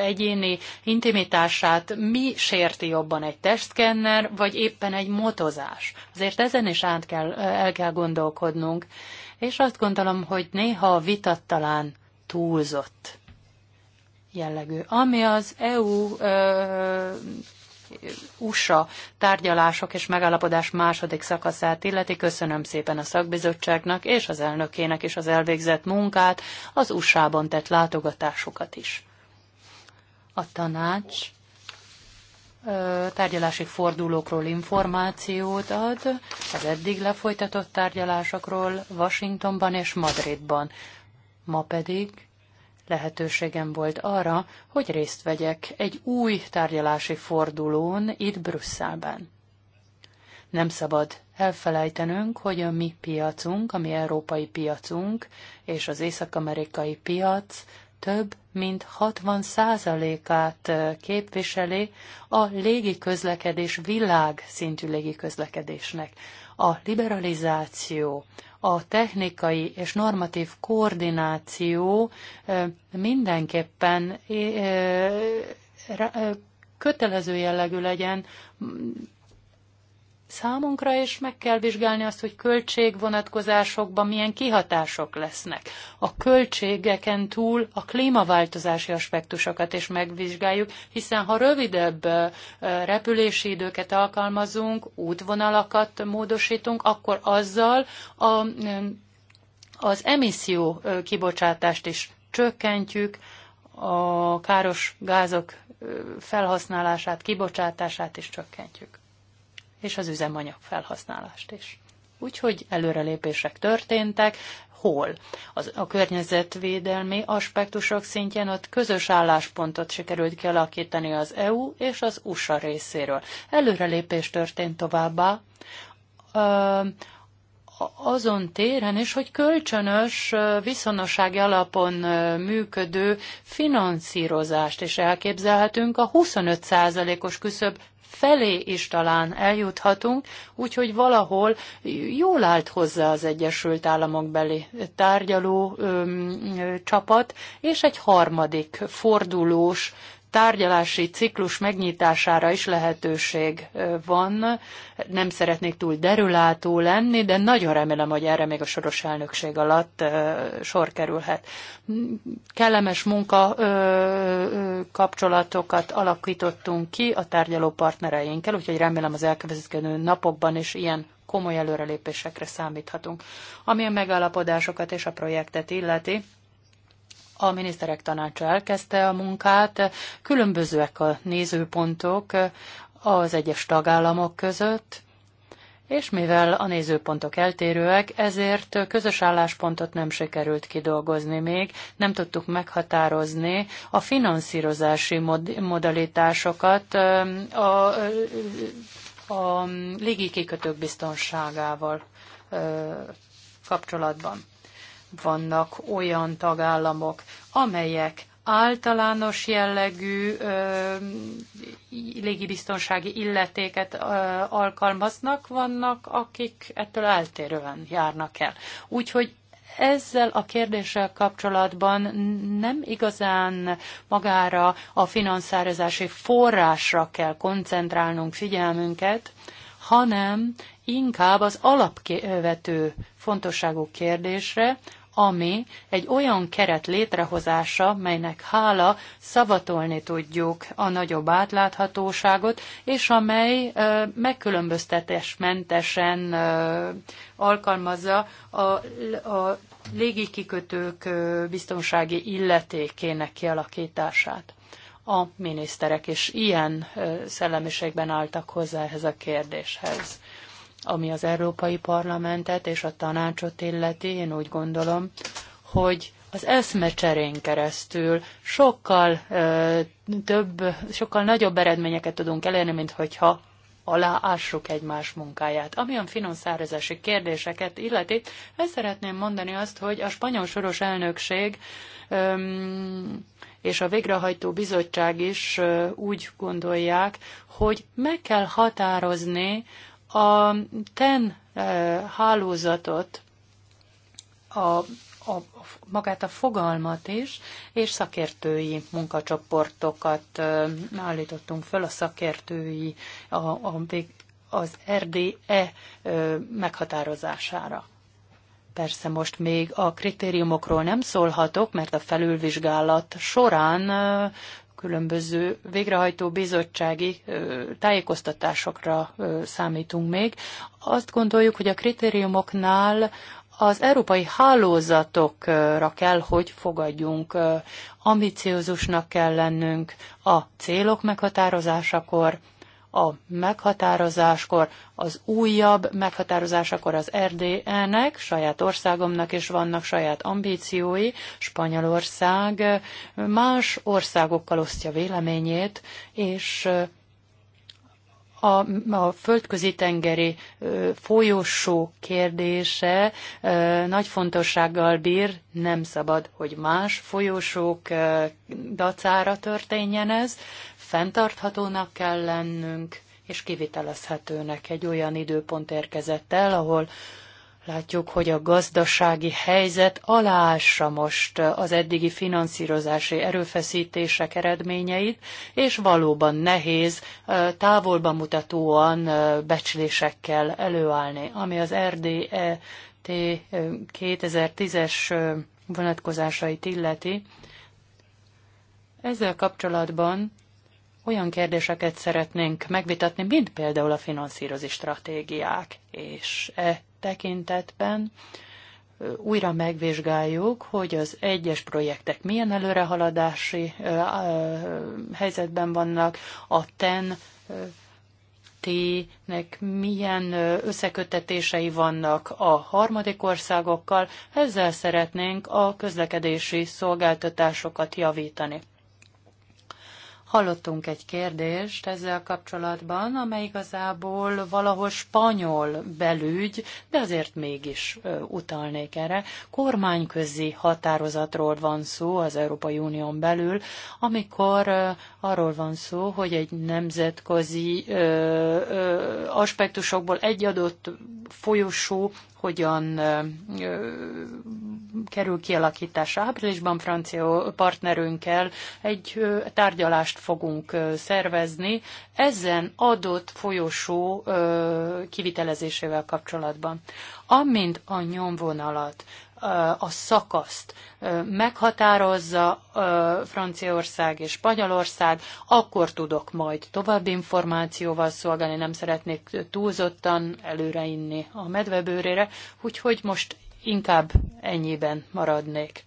egyéni intimitását mi sérti jobban egy testkenner, vagy éppen egy motozás. Azért ezen is át kell, el kell gondolkodnunk, és azt gondolom, hogy néha a vitat talán túlzott jellegű. Ami az EU ö, USA tárgyalások és megállapodás második szakaszát illeti, köszönöm szépen a szakbizottságnak és az elnökének is az elvégzett munkát, az USA-ban tett látogatásukat is. A tanács tárgyalási fordulókról információt ad, az eddig lefolytatott tárgyalásokról Washingtonban és Madridban. Ma pedig lehetőségem volt arra, hogy részt vegyek egy új tárgyalási fordulón itt Brüsszelben. Nem szabad elfelejtenünk, hogy a mi piacunk, a mi európai piacunk és az észak-amerikai piac több mint 60%-át képviseli a légiközlekedés világszintű légiközlekedésnek. A liberalizáció, a technikai és normatív koordináció mindenképpen kötelező jellegű legyen, számunkra, és meg kell vizsgálni azt, hogy költségvonatkozásokban milyen kihatások lesznek. A költségeken túl a klímaváltozási aspektusokat is megvizsgáljuk, hiszen ha rövidebb repülési időket alkalmazunk, útvonalakat módosítunk, akkor azzal a, az emisszió kibocsátást is csökkentjük, a káros gázok felhasználását, kibocsátását is csökkentjük és az üzemanyag felhasználást is. Úgyhogy előrelépések történtek, hol. Az, a környezetvédelmi aspektusok szintjén ott közös álláspontot sikerült kialakítani az EU és az USA részéről. Előrelépés történt továbbá azon téren is, hogy kölcsönös viszonossági alapon működő finanszírozást is elképzelhetünk a 25%-os küszöb felé is talán eljuthatunk, úgyhogy valahol jól állt hozzá az Egyesült Államok beli tárgyaló ö, ö, csapat, és egy harmadik fordulós tárgyalási ciklus megnyitására is lehetőség van. Nem szeretnék túl derülátó lenni, de nagyon remélem, hogy erre még a soros elnökség alatt sor kerülhet. Kellemes munka kapcsolatokat alakítottunk ki a tárgyaló partnereinkkel, úgyhogy remélem az elkövetkező napokban is ilyen komoly előrelépésekre számíthatunk. Ami a megállapodásokat és a projektet illeti, a miniszterek tanácsa elkezdte a munkát, különbözőek a nézőpontok az egyes tagállamok között, és mivel a nézőpontok eltérőek, ezért közös álláspontot nem sikerült kidolgozni még, nem tudtuk meghatározni a finanszírozási mod- modalitásokat a, a légi kikötők biztonságával kapcsolatban vannak olyan tagállamok, amelyek általános jellegű ö, légibiztonsági illetéket ö, alkalmaznak, vannak, akik ettől eltérően járnak el. Úgyhogy ezzel a kérdéssel kapcsolatban nem igazán magára a finanszározási forrásra kell koncentrálnunk figyelmünket, hanem inkább az alapvető fontosságú kérdésre, ami egy olyan keret létrehozása, melynek hála szavatolni tudjuk a nagyobb átláthatóságot, és amely megkülönböztetésmentesen alkalmazza a, a légikikötők biztonsági illetékének kialakítását a miniszterek is ilyen szellemiségben álltak hozzá ehhez a kérdéshez. Ami az Európai Parlamentet és a tanácsot illeti, én úgy gondolom, hogy az eszmecserén keresztül sokkal ö, több, sokkal nagyobb eredményeket tudunk elérni, mint hogyha aláássuk egymás munkáját. Ami a finanszározási kérdéseket illeti, ezt szeretném mondani azt, hogy a spanyol soros elnökség ö, és a végrehajtó bizottság is úgy gondolják, hogy meg kell határozni a TEN hálózatot, a a, magát a fogalmat is, és szakértői munkacsoportokat állítottunk föl, a szakértői a, a, az RDE meghatározására. Persze most még a kritériumokról nem szólhatok, mert a felülvizsgálat során különböző végrehajtó bizottsági tájékoztatásokra számítunk még. Azt gondoljuk, hogy a kritériumoknál az európai hálózatokra kell, hogy fogadjunk. Ambiciózusnak kell lennünk a célok meghatározásakor, a meghatározáskor, az újabb meghatározásakor az RDE-nek, saját országomnak is vannak saját ambíciói, Spanyolország más országokkal osztja véleményét, és a, a földközi-tengeri folyosó kérdése ö, nagy fontossággal bír, nem szabad, hogy más folyosók ö, dacára történjen ez, fenntarthatónak kell lennünk, és kivitelezhetőnek egy olyan időpont érkezett el, ahol látjuk, hogy a gazdasági helyzet aláássa most az eddigi finanszírozási erőfeszítések eredményeit, és valóban nehéz távolba mutatóan becslésekkel előállni, ami az RDET 2010-es vonatkozásait illeti. Ezzel kapcsolatban olyan kérdéseket szeretnénk megvitatni, mint például a finanszírozási stratégiák, és e tekintetben újra megvizsgáljuk, hogy az egyes projektek milyen előrehaladási helyzetben vannak, a TEN nek milyen összekötetései vannak a harmadik országokkal, ezzel szeretnénk a közlekedési szolgáltatásokat javítani. Hallottunk egy kérdést ezzel kapcsolatban, amely igazából valahol spanyol belügy, de azért mégis utalnék erre. Kormányközi határozatról van szó az Európai Unión belül, amikor arról van szó, hogy egy nemzetközi aspektusokból egy adott folyosó hogyan ö, ö, kerül kialakításra. Áprilisban francia partnerünkkel egy ö, tárgyalást fogunk szervezni ezen adott folyosó kivitelezésével kapcsolatban. Amint a nyomvonalat, a szakaszt meghatározza Franciaország és Spanyolország, akkor tudok majd további információval szolgálni, nem szeretnék túlzottan előre inni a medvebőrére, úgyhogy most inkább ennyiben maradnék.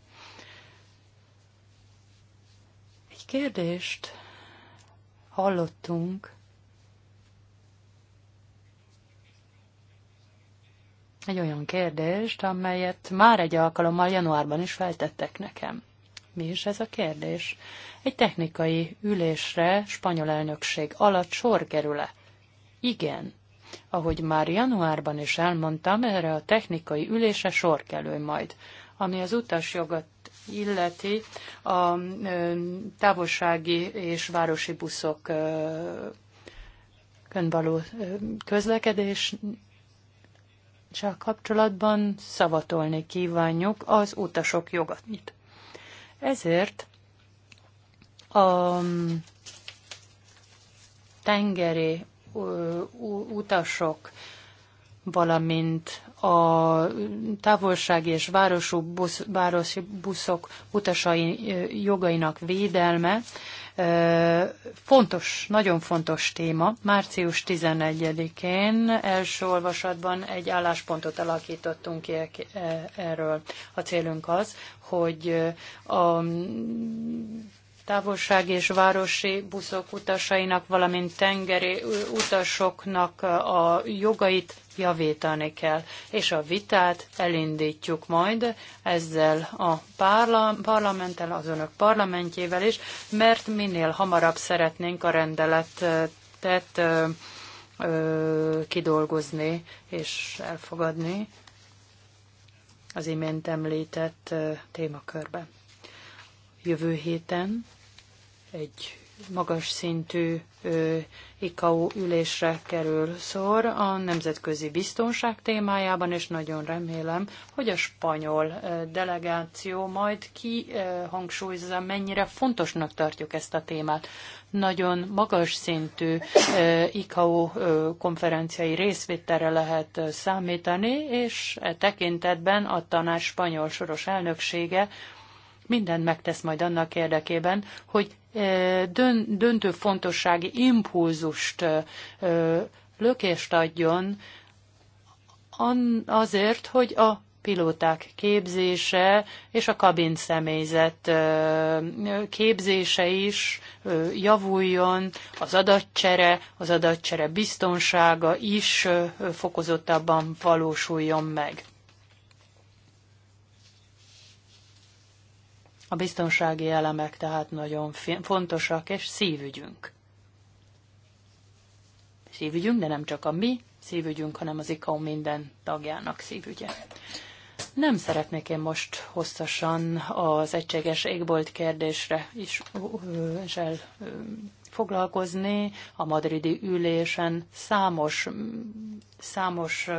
Egy kérdést hallottunk egy olyan kérdést, amelyet már egy alkalommal januárban is feltettek nekem. Mi is ez a kérdés? Egy technikai ülésre spanyol elnökség alatt sor kerül-e? Igen. Ahogy már januárban is elmondtam, erre a technikai ülése sor kerül majd. Ami az utasjogat illeti a távolsági és városi buszok való közlekedés csak kapcsolatban szavatolni kívánjuk az utasok jogatnyit. Ezért a tengeri utasok, valamint a távolsági és városú busz, városi buszok utasai jogainak védelme fontos, nagyon fontos téma. Március 11-én első olvasatban egy álláspontot alakítottunk ki e-, e-, erről. A célunk az, hogy a távolság és városi buszok utasainak, valamint tengeri utasoknak a jogait javítani kell, és a vitát elindítjuk majd ezzel a parlamenttel, az önök parlamentjével is, mert minél hamarabb szeretnénk a rendeletet kidolgozni és elfogadni az imént említett témakörbe. Jövő héten egy magas szintű ICAO ülésre kerül szor a nemzetközi biztonság témájában, és nagyon remélem, hogy a spanyol delegáció majd hangsúlyozza, mennyire fontosnak tartjuk ezt a témát. Nagyon magas szintű ICAO konferenciai részvételre lehet számítani, és e tekintetben a tanács spanyol soros elnöksége mindent megtesz majd annak érdekében, hogy döntő fontossági impulzust, lökést adjon azért, hogy a pilóták képzése és a kabin személyzet képzése is javuljon, az adatcsere, az adatcsere biztonsága is fokozottabban valósuljon meg. A biztonsági elemek tehát nagyon fontosak, és szívügyünk. Szívügyünk, de nem csak a mi szívügyünk, hanem az ICAO minden tagjának szívügye. Nem szeretnék én most hosszasan az egységes égbolt kérdésre is és el foglalkozni. A madridi ülésen számos, számos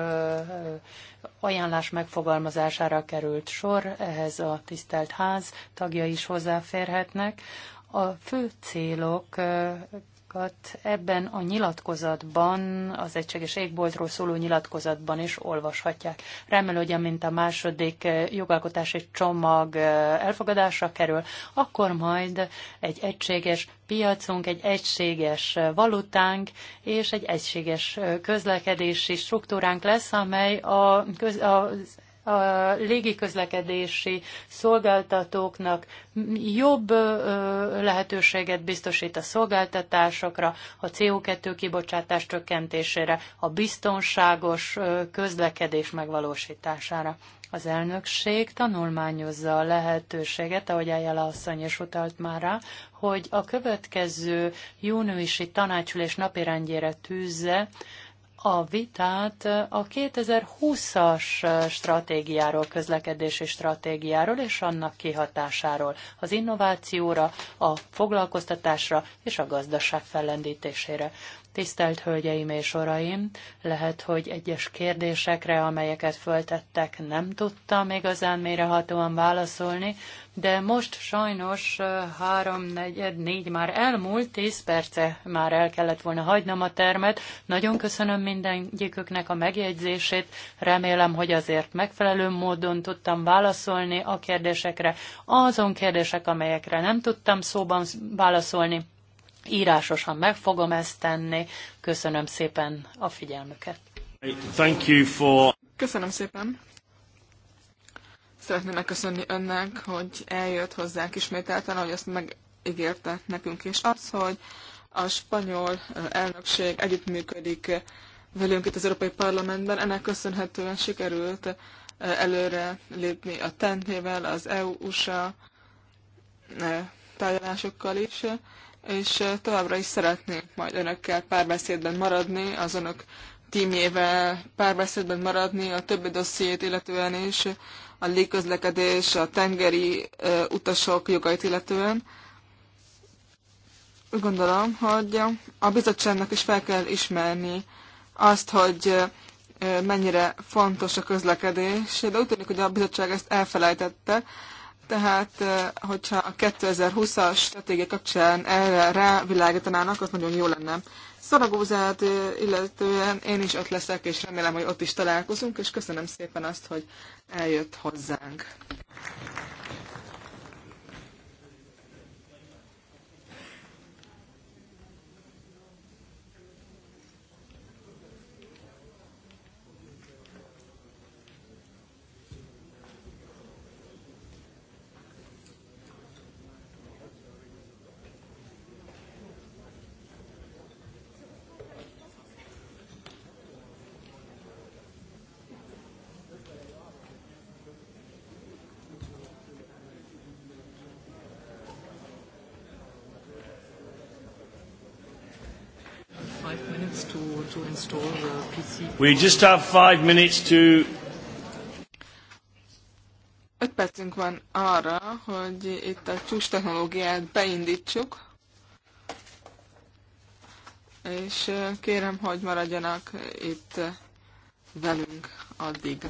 ajánlás megfogalmazására került sor, ehhez a tisztelt ház tagja is hozzáférhetnek. A fő célok dolgokat ebben a nyilatkozatban, az egységes égboltról szóló nyilatkozatban is olvashatják. Remélem, hogy amint a második eh, jogalkotási csomag eh, elfogadásra kerül, akkor majd egy egységes piacunk, egy egységes eh, valutánk és egy egységes közlekedési struktúránk lesz, amely a köz, az a légiközlekedési szolgáltatóknak jobb lehetőséget biztosít a szolgáltatásokra, a CO2 kibocsátás csökkentésére, a biztonságos közlekedés megvalósítására. Az elnökség tanulmányozza a lehetőséget, ahogy Ayala asszony is utalt már rá, hogy a következő júniusi tanácsülés napirendjére tűzze a vitát a 2020-as stratégiáról, közlekedési stratégiáról és annak kihatásáról, az innovációra, a foglalkoztatásra és a gazdaság fellendítésére. Tisztelt Hölgyeim és Uraim, lehet, hogy egyes kérdésekre, amelyeket föltettek, nem tudtam igazán mérehatóan válaszolni, de most sajnos 3, 4, 4 már elmúlt, 10 perce már el kellett volna hagynom a termet. Nagyon köszönöm mindegyiküknek a megjegyzését, remélem, hogy azért megfelelő módon tudtam válaszolni a kérdésekre, azon kérdések, amelyekre nem tudtam szóban válaszolni írásosan meg fogom ezt tenni. Köszönöm szépen a figyelmüket. Thank you for... Köszönöm szépen. Szeretném megköszönni önnek, hogy eljött hozzánk ismételten, ahogy azt megígérte nekünk is. Az, hogy a spanyol elnökség együttműködik velünk itt az Európai Parlamentben, ennek köszönhetően sikerült előre lépni a tentével, az EU-USA tárgyalásokkal is és továbbra is szeretnénk majd önökkel párbeszédben maradni, az önök tímjével párbeszédben maradni, a többi dossziét illetően is, a légközlekedés, a tengeri utasok jogait illetően. gondolom, hogy a bizottságnak is fel kell ismerni azt, hogy mennyire fontos a közlekedés, de úgy tűnik, hogy a bizottság ezt elfelejtette, tehát, hogyha a 2020-as stratégia kapcsán erre rávilágítanának, az nagyon jó lenne. Szaragózát illetően én is ott leszek, és remélem, hogy ott is találkozunk, és köszönöm szépen azt, hogy eljött hozzánk. install the PC. We just have five minutes to... Öt percünk van arra, hogy itt a csúcs technológiát beindítsuk. És eh, kérem, hogy maradjanak itt velünk addig.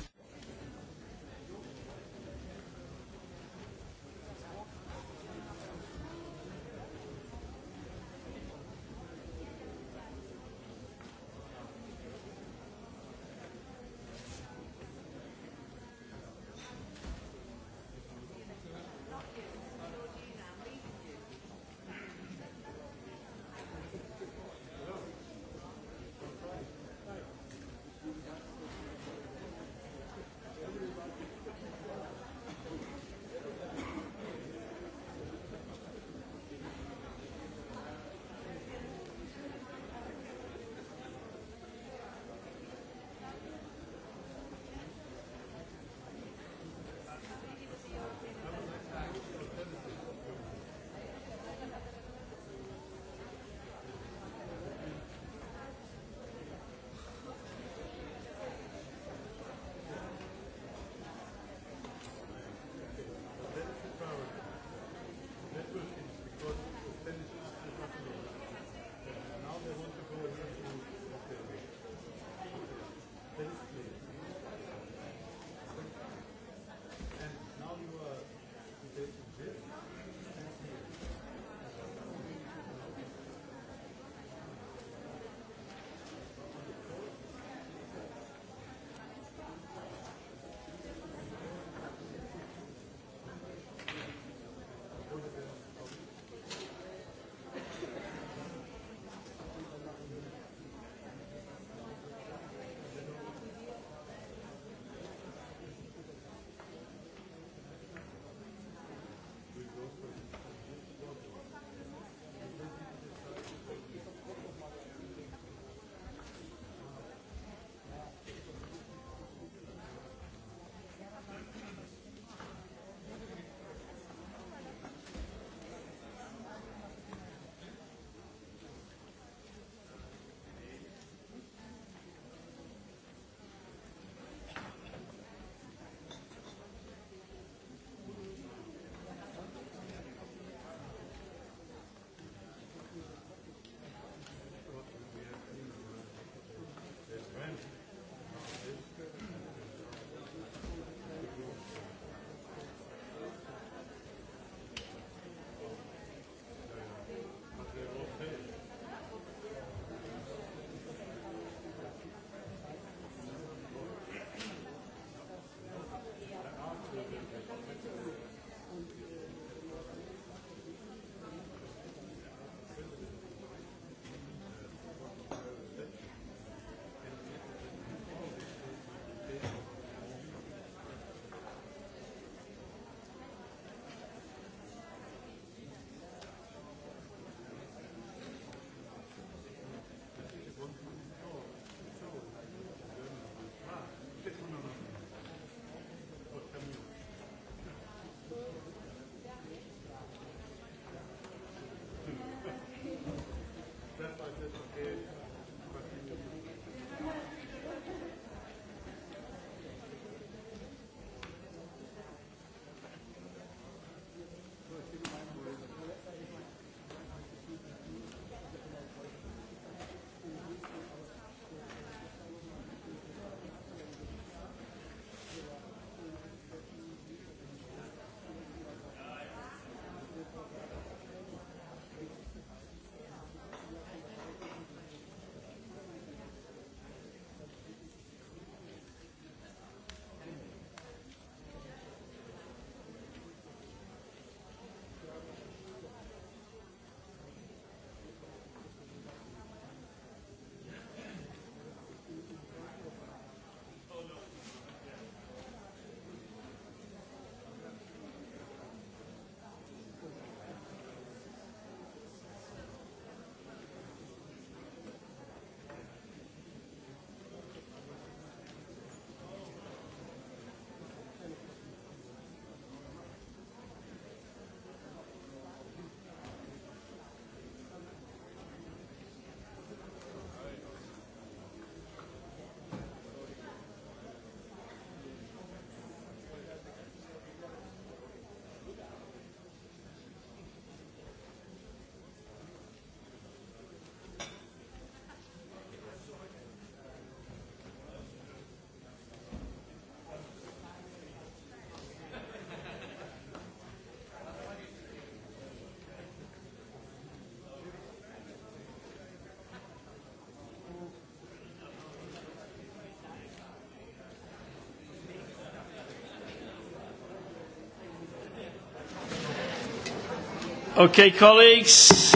Okay, colleagues.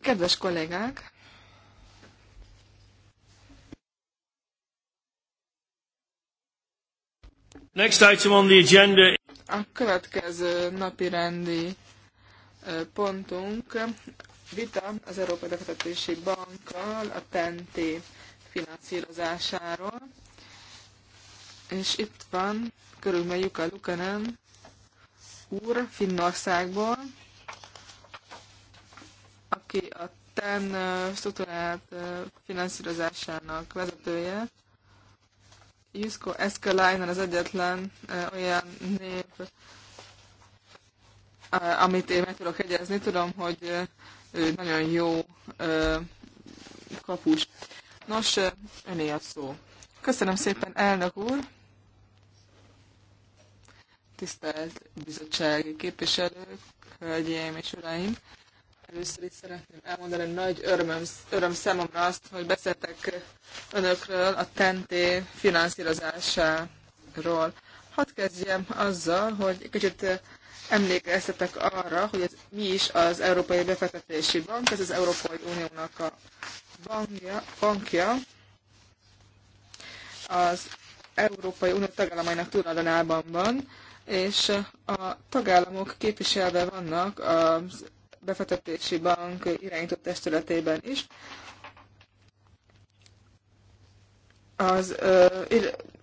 Kedves kollégák! Next item on the agenda. A következő napi rendi pontunk vita az Európai Befektetési Bankkal a TNT finanszírozásáról. És itt van körülmegyük a Lukanen úr Finnországból, aki a TEN struktúrált finanszírozásának vezetője. Jusko Eskelainen az egyetlen olyan név, amit én meg tudok egyezni. Tudom, hogy ő nagyon jó kapus. Nos, öné a szó. Köszönöm szépen, elnök úr! Tisztelt bizottsági képviselők, hölgyeim és uraim! Először is szeretném elmondani, nagy öröm, öröm számomra azt, hogy beszéltek önökről a tenté finanszírozásáról. Hadd kezdjem azzal, hogy kicsit emlékeztetek arra, hogy ez mi is az Európai Befektetési Bank, ez az Európai Uniónak a bankja, bankja az Európai Unió tagállamainak tulajdonában van, és a tagállamok képviselve vannak a befektetési bank irányított testületében is. Az,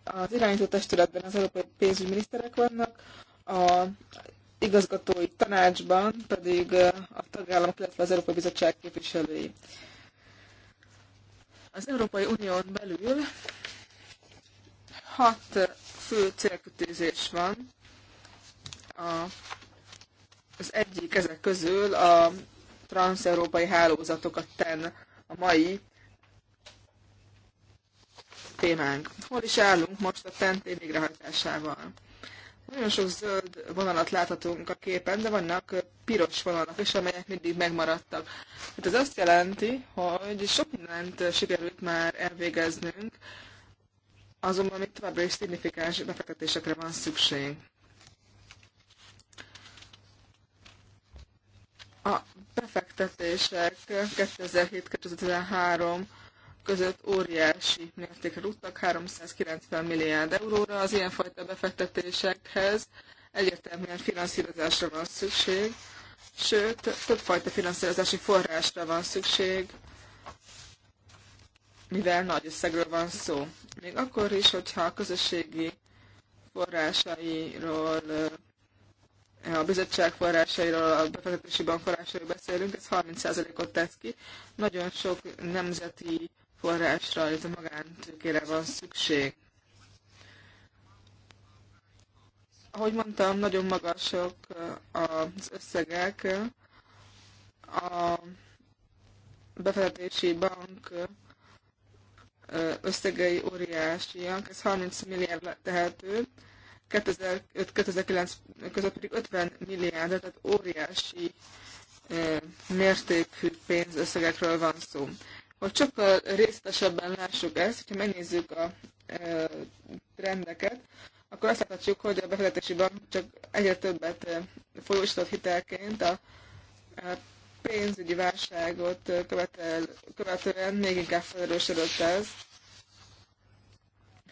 az irányító testületben az európai pénzügyminiszterek vannak, a igazgatói tanácsban pedig a tagállamok, illetve az Európai Bizottság képviselői. Az Európai Unión belül hat fő célkütőzés van, a, az egyik ezek közül a transeurópai hálózatokat ten a mai témánk. Hol is állunk most a TNT végrehajtásával? Nagyon sok zöld vonalat láthatunk a képen, de vannak piros vonalak is, amelyek mindig megmaradtak. Hát ez azt jelenti, hogy sok mindent sikerült már elvégeznünk, azonban még továbbra is szignifikáns befektetésekre van szükség. A befektetések 2007-2013 között óriási mértékre rúgtak, 390 milliárd euróra. Az ilyenfajta befektetésekhez egyértelműen finanszírozásra van szükség, sőt, többfajta finanszírozási forrásra van szükség, mivel nagy összegről van szó. Még akkor is, hogyha a közösségi forrásairól a bizottság forrásairól, a befektetési bank forrásairól beszélünk, ez 30%-ot tesz ki. Nagyon sok nemzeti forrásra, illetve magántőkére van szükség. Ahogy mondtam, nagyon magasok az összegek. A befektetési bank összegei óriásiak, ez 30 milliárd tehető, 2005-2009 között pedig 50 milliárd, tehát óriási mértékű pénzösszegekről van szó. Hogy a részletesebben lássuk ezt, hogyha megnézzük a trendeket, akkor azt láthatjuk, hogy a befektetési bank csak egyre többet folyósított hitelként a pénzügyi válságot követel, követően még inkább felerősödött ez,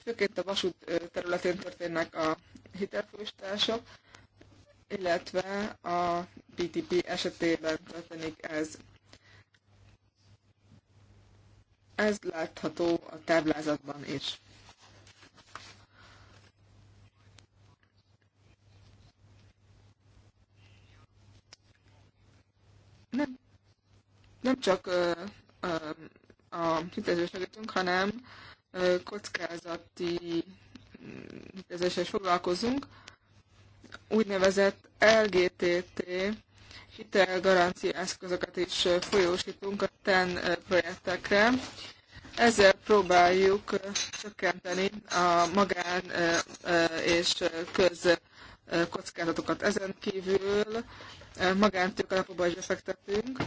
Főként a vasút területén történnek a hitelfolyósítások, illetve a PTP esetében történik ez. Ez látható a táblázatban is. Nem, nem csak ö, ö, a hitelző hanem hanem kockázati kezeléssel mm, foglalkozunk, úgynevezett LGTT hitelgarancia eszközöket is folyósítunk a TEN projektekre. Ezzel próbáljuk csökkenteni a magán és köz kockázatokat. Ezen kívül magántőkalapokba is befektetünk,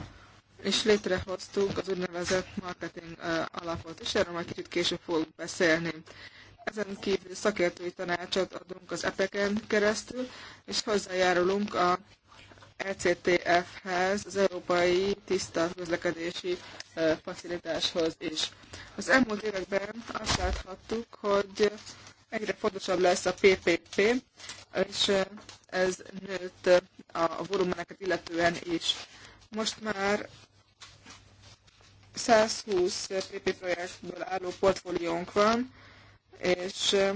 és létrehoztuk az úgynevezett marketing alapot, és erről majd kicsit később fogunk beszélni. Ezen kívül szakértői tanácsot adunk az EPEK-en keresztül, és hozzájárulunk a ECTF-hez, az Európai Tiszta Közlekedési Facilitáshoz is. Az elmúlt években azt láthattuk, hogy egyre fontosabb lesz a PPP, és ez nőtt a volumeneket illetően is. Most már 120 PP projektből álló portfóliónk van, és eh,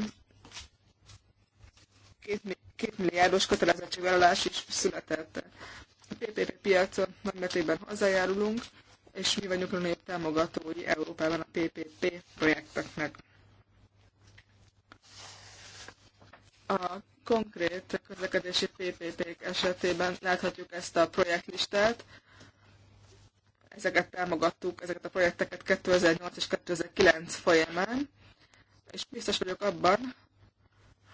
két milliárdos kötelezettségvállalás is született. A PPP piacon nagymértékben hozzájárulunk, és mi vagyunk a nép támogatói Európában a PPP projekteknek. A konkrét közlekedési PPP-k esetében láthatjuk ezt a projektlistát, ezeket támogattuk, ezeket a projekteket 2008 és 2009 folyamán, és biztos vagyok abban,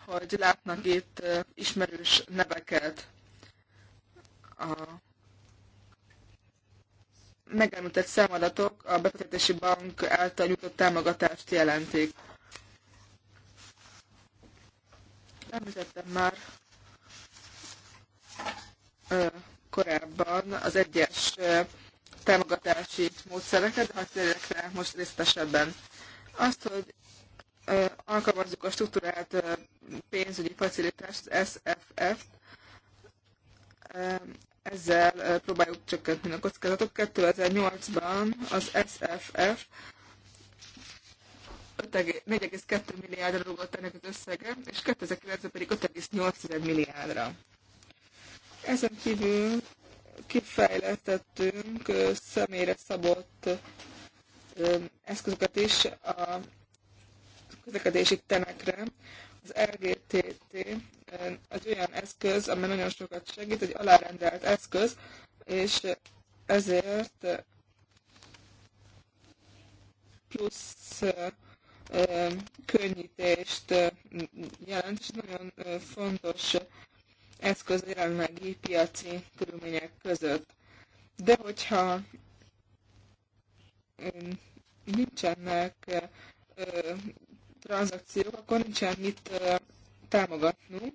hogy látnak itt ismerős neveket. A megemlített számadatok a befektetési bank által nyújtott támogatást jelentik. Említettem már ö, korábban az egyes támogatási módszereket, de hadd térjek rá most részletesebben. Azt, hogy alkalmazzuk a struktúrált pénzügyi facilitást, az SFF-t, ezzel próbáljuk csökkentni a kockázatot. 2008-ban az SFF 4,2 milliárdra rúgott ennek az összege, és 2009-ben pedig 5,8 milliárdra. Ezen kívül kifejlesztettünk személyre szabott eszközöket is a közlekedési tenekre. Az RGTT egy olyan eszköz, amely nagyon sokat segít, egy alárendelt eszköz, és ezért plusz könnyítést jelent, és nagyon fontos eszköz jelenlegi piaci körülmények között. De hogyha um, nincsenek ö, tranzakciók, akkor nincsen mit ö, támogatnunk.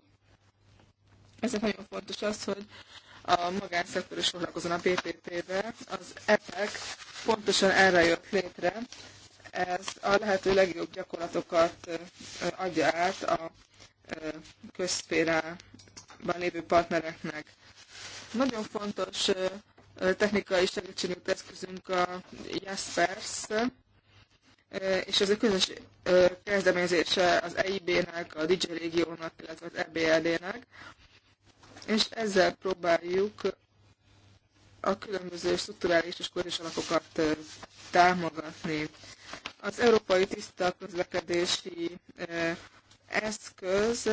Ezért nagyon fontos az, hogy a magánszektor is foglalkozon a PPP-be. Az EPEC pontosan erre jött létre. Ez a lehető legjobb gyakorlatokat adja át a közszférá folyamatban lévő partnereknek. Nagyon fontos technikai segítségnyújt eszközünk a Jaspers, és ez a közös kezdeményezése az EIB-nek, a DJ Régiónak, illetve az EBRD-nek, és ezzel próbáljuk a különböző strukturális és közös alapokat támogatni. Az Európai Tiszta Közlekedési eszköz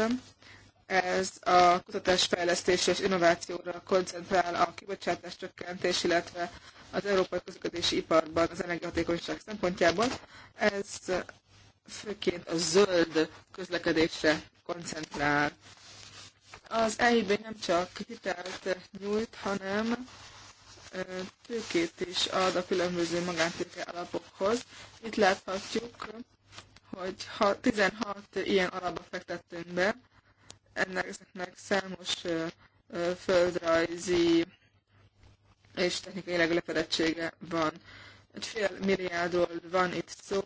ez a kutatás, fejlesztés és innovációra koncentrál a kibocsátás csökkentés, illetve az európai közlekedési iparban az energiahatékonyság szempontjából. Ez főként a zöld közlekedésre koncentrál. Az EIB nem csak hitelt nyújt, hanem tőkét is ad a különböző magántőke alapokhoz. Itt láthatjuk, hogy 16 ilyen alapba fektettünk be, ennek ezeknek számos földrajzi és technikai lefedettsége van. Egy fél milliárdról van itt szó,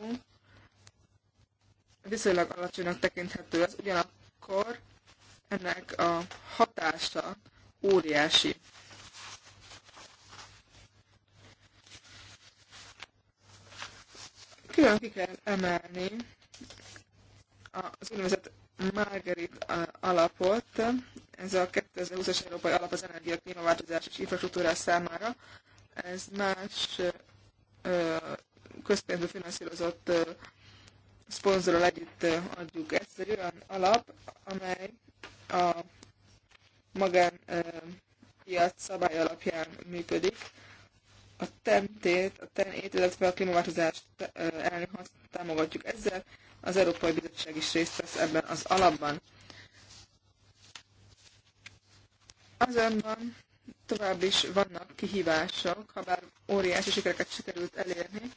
viszonylag alacsonynak tekinthető ez, ugyanakkor ennek a hatása óriási. Külön ki kell emelni az úgynevezett Margarit alapot, ez a 2020-as Európai Alap az energia, klímaváltozás és infrastruktúrás számára. Ez más közpénzből finanszírozott szponzorral együtt adjuk ezt. Ez egy olyan alap, amely a magánpiac szabály alapján működik. A TEM-tét, a ten illetve a klímaváltozást támogatjuk ezzel. Az Európai Bizottság is részt vesz ebben az alapban. Azonban tovább is vannak kihívások, ha bár óriási sikereket sikerült elérni,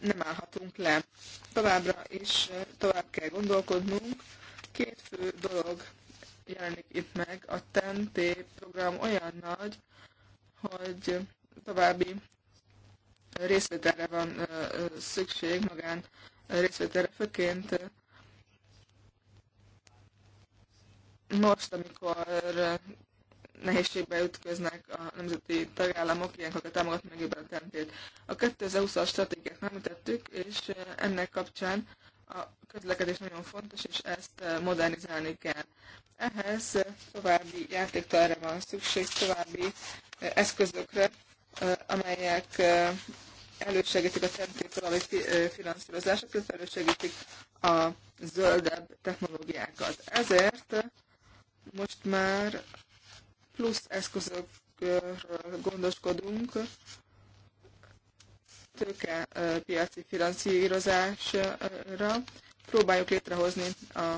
nem állhatunk le. Továbbra is tovább kell gondolkodnunk. Két fő dolog jelenik itt meg. A TNT e program olyan nagy, hogy további részvételre van szükség magán részvétele főként most, amikor nehézségbe ütköznek a nemzeti tagállamok, ilyenkor támogatni meg ebben a tentét. A 2020-as stratégiát nem tettük, és ennek kapcsán a közlekedés nagyon fontos, és ezt modernizálni kell. Ehhez további játéktalra van szükség, további eszközökre, amelyek elősegítik a természetvalami finanszírozását, illetve elősegítik a zöldebb technológiákat. Ezért most már plusz eszközökről gondoskodunk, tőkepiaci finanszírozásra, próbáljuk létrehozni a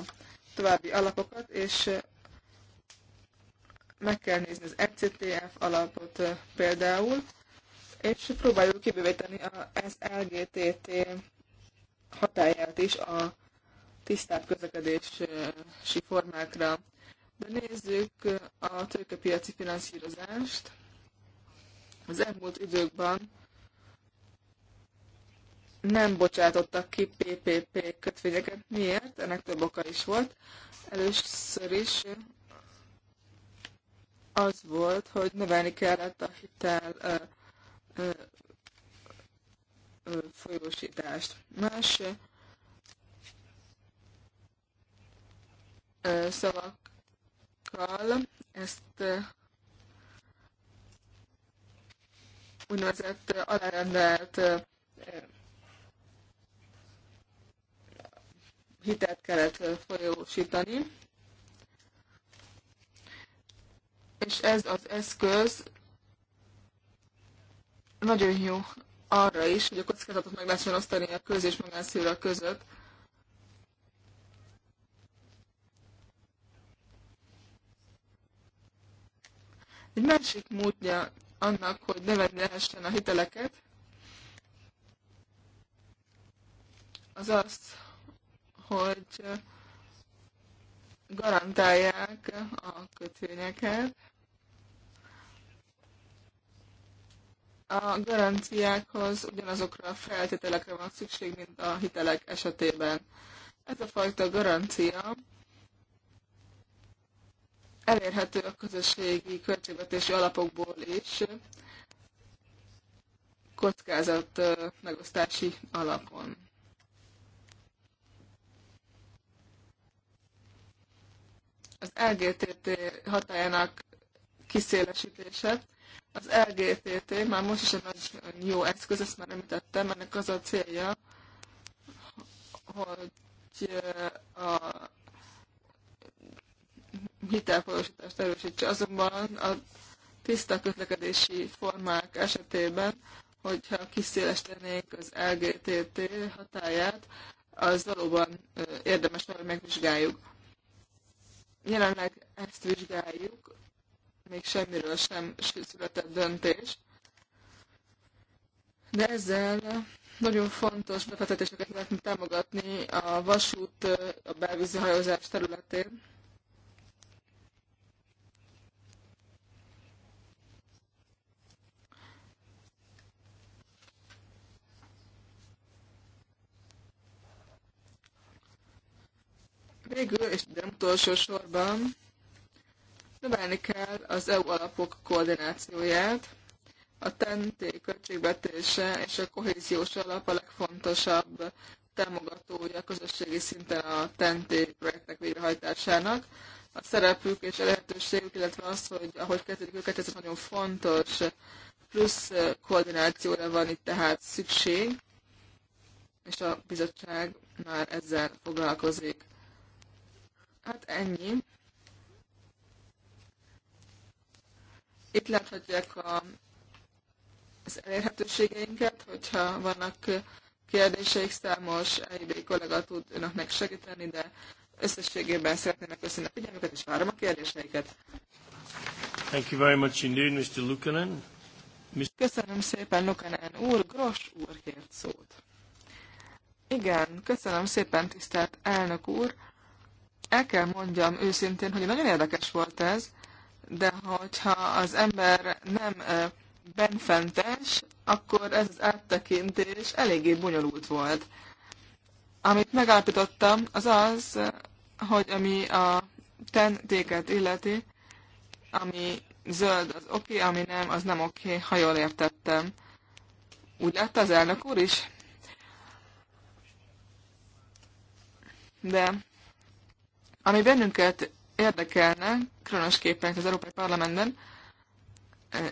további alapokat, és meg kell nézni az ECTF alapot például, és próbáljuk kibővíteni az LGTT hatáját is a tisztább közlekedési formákra. De nézzük a tőkepiaci finanszírozást. Az elmúlt időkben nem bocsátottak ki PPP kötvényeket. Miért? Ennek több oka is volt. Először is az volt, hogy növelni kellett a hitel folyósítást. Más szavakkal ezt úgynevezett alárendelt hitelt kellett folyósítani. És ez az eszköz nagyon jó arra is, hogy a kockázatot meg lehessen osztani a köz- és magánszféra között. Egy másik módja annak, hogy növelni lehessen a hiteleket, az az, hogy garantálják a kötvényeket, A garanciákhoz ugyanazokra a feltételekre van szükség, mint a hitelek esetében. Ez a fajta garancia elérhető a közösségi költségvetési alapokból is, kockázat megosztási alapon. Az LGTT hatájának kiszélesítése az LGTT már most is egy nagyon jó eszköz, ezt már említettem, ennek az a célja, hogy a hitelfolyósítást erősítse. Azonban a tiszta közlekedési formák esetében, hogyha kiszélesítenénk az LGTT hatáját, az valóban érdemes, hogy megvizsgáljuk. Jelenleg ezt vizsgáljuk, még semmiről sem született döntés. De ezzel nagyon fontos befektetéseket lehetne támogatni a vasút, a belvízi hajózás területén. Végül, és nem utolsó sorban, Növelni kell az EU alapok koordinációját. A TNT költségvetése és a kohéziós alap a legfontosabb támogatója közösségi szinten a TNT projektek végrehajtásának. A szerepük és a lehetőségük, illetve az, hogy ahogy kezdődik őket, ez nagyon fontos plusz koordinációra van itt tehát szükség, és a bizottság már ezzel foglalkozik. Hát ennyi. Itt láthatják a, az elérhetőségeinket, hogyha vannak kérdéseik, számos EIB kollega tud önöknek segíteni, de összességében szeretném megköszönni a figyelmüket, és várom a kérdéseiket. Thank you very much indeed, Mr. Lukanen. Mr. Köszönöm szépen, Lukanen úr. Gros úr kért szót. Igen, köszönöm szépen, tisztelt elnök úr. El kell mondjam őszintén, hogy nagyon érdekes volt ez, de hogyha az ember nem benfentes, akkor ez az áttekintés eléggé bonyolult volt. Amit megállapítottam, az az, hogy ami a tentéket illeti, ami zöld az oké, ami nem, az nem oké, ha jól értettem. Úgy látta az elnök úr is? De ami bennünket érdekelne, különösképpen az Európai Parlamentben,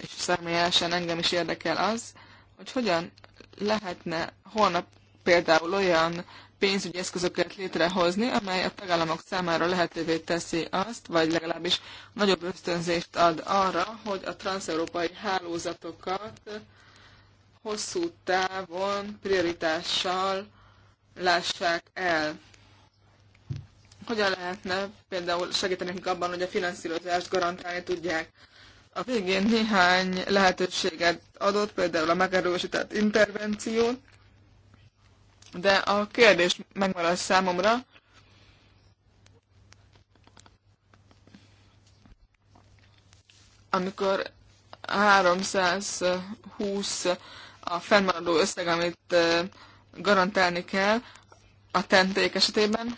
és személyesen engem is érdekel az, hogy hogyan lehetne holnap például olyan pénzügyi eszközöket létrehozni, amely a tagállamok számára lehetővé teszi azt, vagy legalábbis nagyobb ösztönzést ad arra, hogy a transeurópai hálózatokat hosszú távon prioritással lássák el. Hogyan lehetne például segíteni nekik abban, hogy a finanszírozást garantálni tudják? A végén néhány lehetőséget adott, például a megerősített intervenciót, de a kérdés megmarad számomra, amikor 320 a fennmaradó összeg, amit eh, garantálni kell a tenték esetében,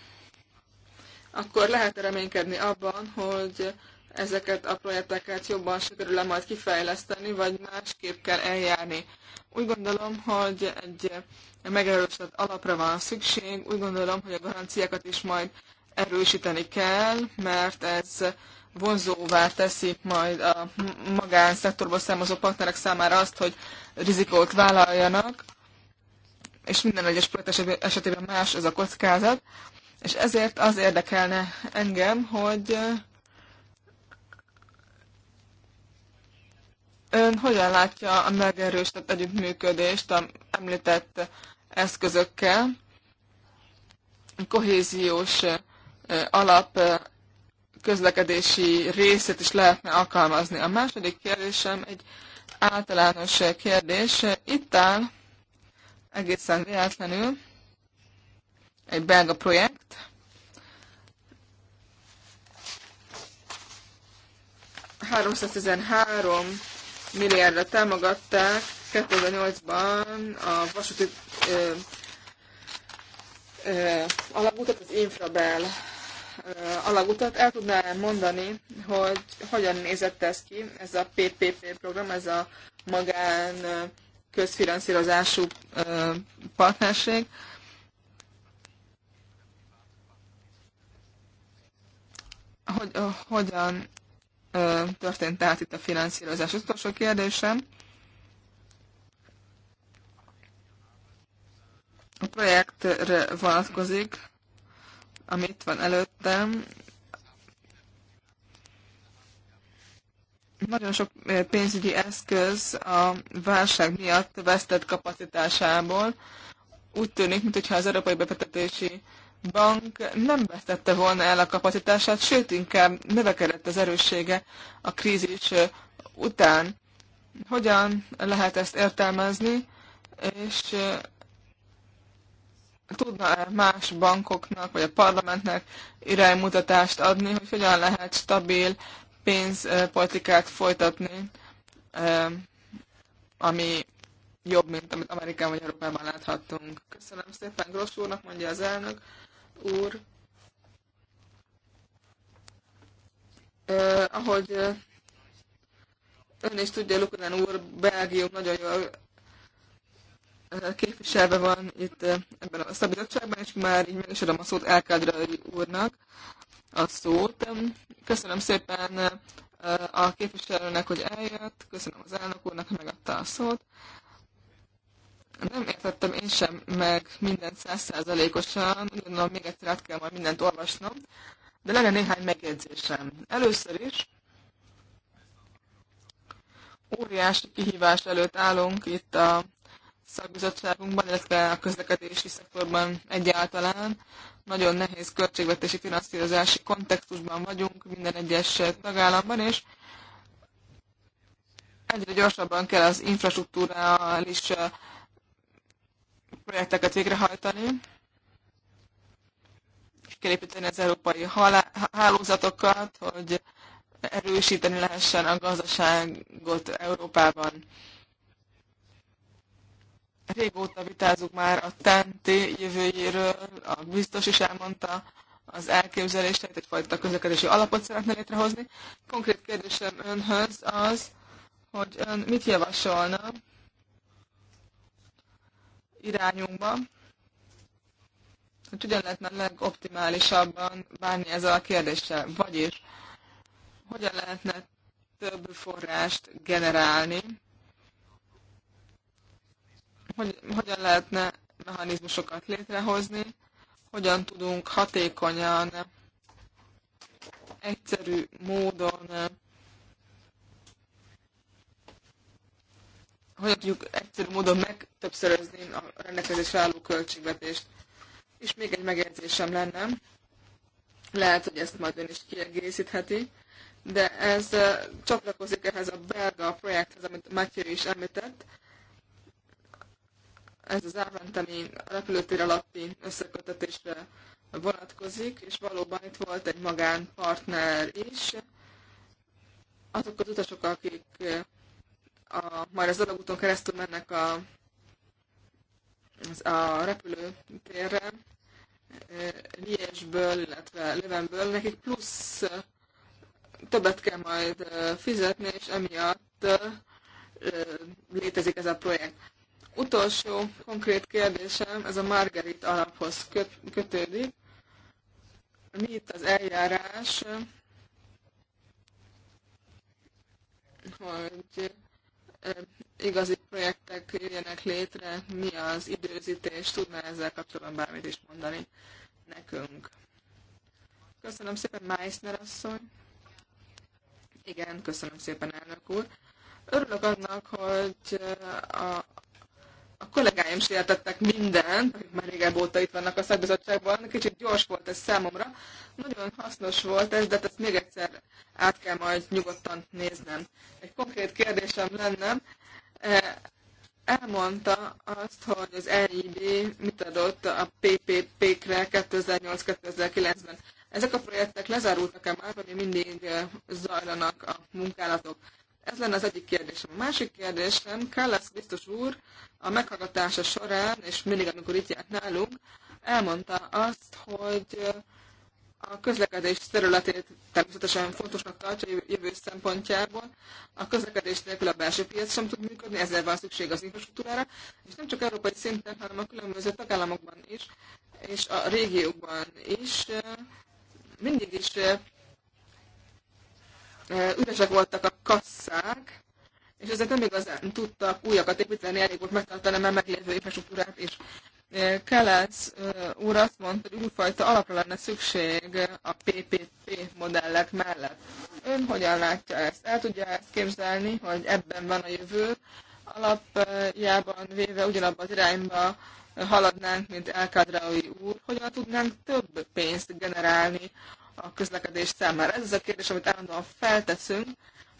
akkor lehet reménykedni abban, hogy ezeket a projekteket jobban sikerül-e majd kifejleszteni, vagy másképp kell eljárni. Úgy gondolom, hogy egy megerősített alapra van szükség, úgy gondolom, hogy a garanciákat is majd erősíteni kell, mert ez vonzóvá teszi majd a magánszektorból származó partnerek számára azt, hogy rizikót vállaljanak, és minden egyes projekt esetében más ez a kockázat. És ezért az érdekelne engem, hogy ön hogyan látja a megerősített együttműködést a említett eszközökkel, kohéziós alap közlekedési részét is lehetne alkalmazni. A második kérdésem egy általános kérdés. Itt áll egészen véletlenül, egy belga projekt. három milliárdra támogatták 2008-ban a vasúti ö, ö, alagutat, az infrabel alagutat. El tudnám mondani, hogy hogyan nézett ez ki, ez a PPP program, ez a magán közfinanszírozású partnerség. Ö, hogy, hogyan történt tehát itt a finanszírozás. Az utolsó kérdésem. A projektre vonatkozik, amit van előttem. Nagyon sok pénzügyi eszköz a válság miatt vesztett kapacitásából. Úgy tűnik, mintha az Európai Befektetési bank nem vesztette volna el a kapacitását, sőt, inkább növekedett az erőssége a krízis után. Hogyan lehet ezt értelmezni, és tudna-e más bankoknak vagy a parlamentnek iránymutatást adni, hogy hogyan lehet stabil pénzpolitikát folytatni, ami jobb, mint amit Amerikában vagy Európában láthattunk. Köszönöm szépen Gross úrnak, mondja az elnök úr, eh, ahogy eh, ön is tudja, Lukonen úr, Belgium nagyon jól eh, képviselve van itt eh, ebben a szabizottságban, és már így meg is adom a szót Elkádra úrnak a szót. Köszönöm szépen a képviselőnek, hogy eljött, köszönöm az elnök úrnak, hogy megadta a szót nem értettem én sem meg mindent százszázalékosan, gondolom még egyszer át kell majd mindent olvasnom, de lenne néhány megjegyzésem. Először is óriási kihívás előtt állunk itt a szakbizottságunkban, illetve a közlekedési szektorban egyáltalán. Nagyon nehéz költségvetési finanszírozási kontextusban vagyunk minden egyes tagállamban, és egyre gyorsabban kell az infrastruktúrális projekteket végrehajtani, és kell az európai hálózatokat, hogy erősíteni lehessen a gazdaságot Európában. Régóta vitázunk már a TNT e jövőjéről, a biztos is elmondta az elképzeléseit, egyfajta közlekedési alapot szeretne létrehozni. Konkrét kérdésem önhöz az, hogy ön mit javasolna irányunkban. hogy hogyan lehetne legoptimálisabban bánni ezzel a kérdéssel, vagyis hogyan lehetne több forrást generálni, hogy, hogyan lehetne mechanizmusokat létrehozni, hogyan tudunk hatékonyan, egyszerű módon hogyan tudjuk egyszerű módon meg többszörözni a rendelkezésre álló költségvetést. És még egy megjegyzésem lenne, lehet, hogy ezt majd ön is kiegészítheti, de ez csatlakozik ehhez a belga projekthez, amit Matthew is említett, ez az Árventemi repülőtér alatti összekötetésre vonatkozik, és valóban itt volt egy magánpartner is. Azok az utasok, akik a, majd az alagúton keresztül mennek a, a repülőtérre, Liesből, illetve Levenből, nekik plusz többet kell majd fizetni, és emiatt létezik ez a projekt. Utolsó konkrét kérdésem, ez a Margarit alaphoz kötődik. Mi itt az eljárás, hogy igazi projektek jöjjenek létre, mi az időzítés, tudná ezzel kapcsolatban bármit is mondani nekünk. Köszönöm szépen, Meissner asszony. Igen, köszönöm szépen, elnök úr. Örülök annak, hogy a a kollégáim is értettek mindent, akik már régebb óta itt vannak a szakbizottságban. Kicsit gyors volt ez számomra. Nagyon hasznos volt ez, de hát ezt még egyszer át kell majd nyugodtan néznem. Egy konkrét kérdésem lenne. E, elmondta azt, hogy az EIB mit adott a PPP-kre 2008-2009-ben. Ezek a projektek lezárultak-e már, vagy mindig e, zajlanak a munkálatok? Ez lenne az egyik kérdésem. A másik kérdésem, Kállász biztos úr a meghallgatása során, és mindig, amikor itt járt nálunk, elmondta azt, hogy a közlekedés területét természetesen fontosnak tartja jövő szempontjából. A közlekedés nélkül a belső piac sem tud működni, ezzel van szükség az infrastruktúrára, és nem csak európai szinten, hanem a különböző tagállamokban is, és a régiókban is mindig is üresek voltak a kasszák, és ezért nem igazán tudtak újakat építeni, elég volt megtartani már meglévő infrastruktúrát is. Kelesz úr azt mondta, hogy újfajta alapra lenne szükség a PPP modellek mellett. Ön hogyan látja ezt? El tudja ezt képzelni, hogy ebben van a jövő, alapjában véve ugyanabba az irányba haladnánk, mint Elkadraui úr, hogyan tudnánk több pénzt generálni a közlekedés számára. Ez az a kérdés, amit állandóan felteszünk,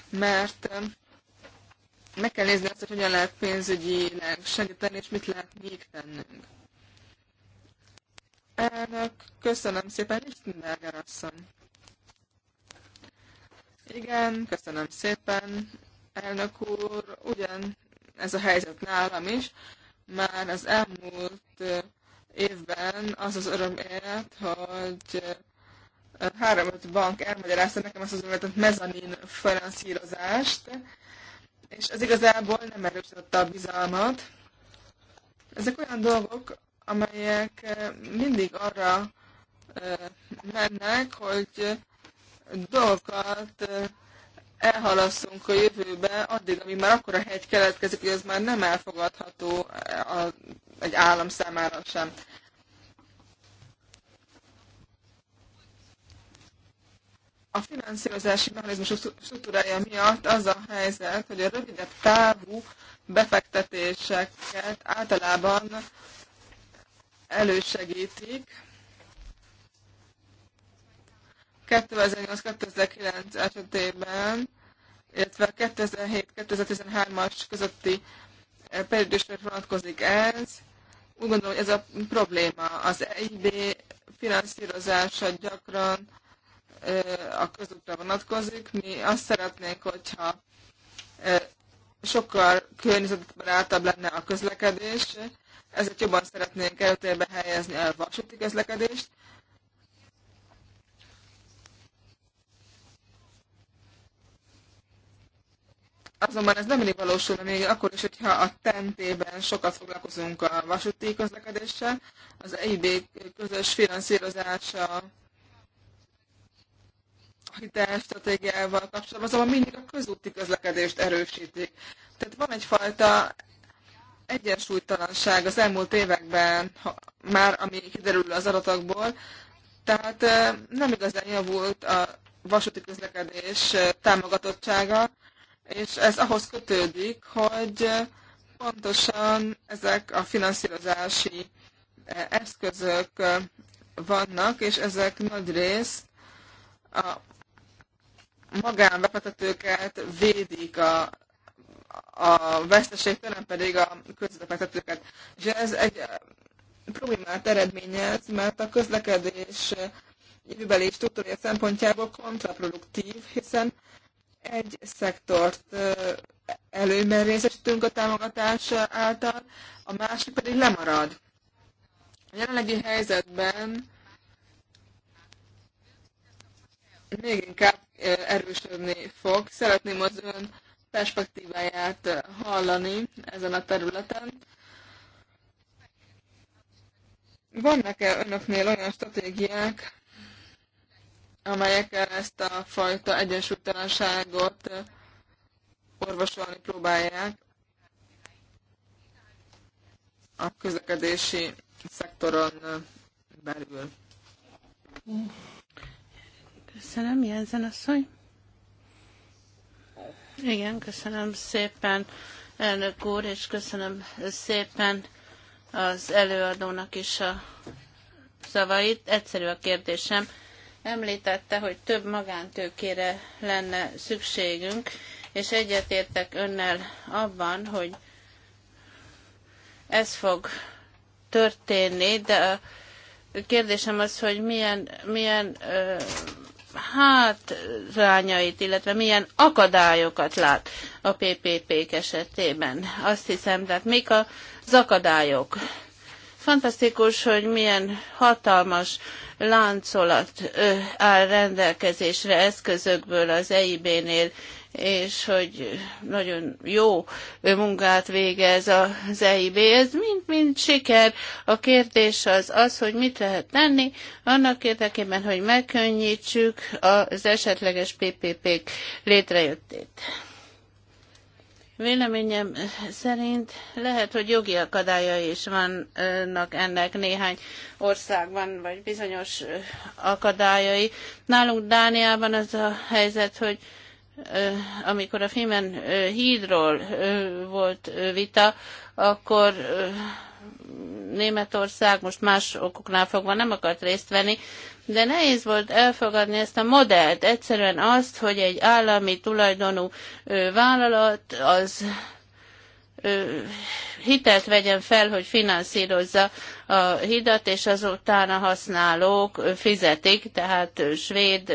mert meg kell nézni azt, hogy hogyan lehet pénzügyileg segíteni, és mit lehet még tennünk. Elnök, köszönöm szépen, Lichtenberger asszony. Igen, köszönöm szépen, elnök úr. Ugyan ez a helyzet nálam is. Már az elmúlt évben az az öröm élet, hogy három-öt bank elmagyarázta nekem azt az úgynevezett mezanin finanszírozást, és ez igazából nem erősítette a bizalmat. Ezek olyan dolgok, amelyek eh, mindig arra eh, mennek, hogy dolgokat eh, elhalasszunk a jövőbe addig, ami már akkora hegy keletkezik, hogy ez már nem elfogadható egy állam számára sem. a finanszírozási mechanizmus struktúrája miatt az a helyzet, hogy a rövidebb távú befektetéseket általában elősegítik. 2008-2009 esetében, illetve 2007-2013-as közötti eh, periódusra vonatkozik ez. Úgy gondolom, hogy ez a probléma. Az EIB finanszírozása gyakran a közútra vonatkozik. Mi azt szeretnénk, hogyha sokkal környezetbarátabb lenne a közlekedés, ezért jobban szeretnénk előtérbe helyezni a vasúti közlekedést. Azonban ez nem mindig valósul, még akkor is, hogyha a tentében sokat foglalkozunk a vasúti közlekedéssel, az EIB közös finanszírozása stratégiával kapcsolatban, azonban szóval mindig a közúti közlekedést erősítik. Tehát van egyfajta egyensúlytalanság az elmúlt években, ha, már ami kiderül az adatokból, tehát nem igazán javult a vasúti közlekedés támogatottsága, és ez ahhoz kötődik, hogy pontosan ezek a finanszírozási eszközök vannak, és ezek nagy részt a magánbefektetőket védik a, a veszteségtől, nem pedig a közbefektetőket. És ez egy problémát eredményez, mert a közlekedés jövőbeli struktúrája szempontjából kontraproduktív, hiszen egy szektort előnyben részesítünk a támogatás által, a másik pedig lemarad. A jelenlegi helyzetben még inkább erősödni fog. Szeretném az ön perspektíváját hallani ezen a területen. Vannak-e önöknél olyan stratégiák, amelyekkel ezt a fajta egyensúlytalanságot orvosolni próbálják a közlekedési szektoron belül? Köszönöm, Jensen asszony. Igen, köszönöm szépen, elnök úr, és köszönöm szépen az előadónak is a szavait. Egyszerű a kérdésem. Említette, hogy több magántőkére lenne szükségünk, és egyetértek önnel abban, hogy ez fog történni, de a kérdésem az, hogy milyen, milyen ö, hátrányait, illetve milyen akadályokat lát a PPP-k esetében. Azt hiszem, tehát mik az akadályok? Fantasztikus, hogy milyen hatalmas láncolat áll rendelkezésre eszközökből az EIB-nél és hogy nagyon jó munkát végez az EIB. Ez mind-mind siker. A kérdés az az, hogy mit lehet tenni annak érdekében, hogy megkönnyítsük az esetleges PPP-k létrejöttét. Véleményem szerint lehet, hogy jogi akadályai is vannak ennek néhány országban, vagy bizonyos akadályai. Nálunk Dániában az a helyzet, hogy amikor a Fémen hídról volt vita, akkor Németország most más okoknál fogva nem akart részt venni, de nehéz volt elfogadni ezt a modellt, egyszerűen azt, hogy egy állami tulajdonú vállalat az hitelt vegyen fel, hogy finanszírozza a hidat, és azután a használók fizetik, tehát svéd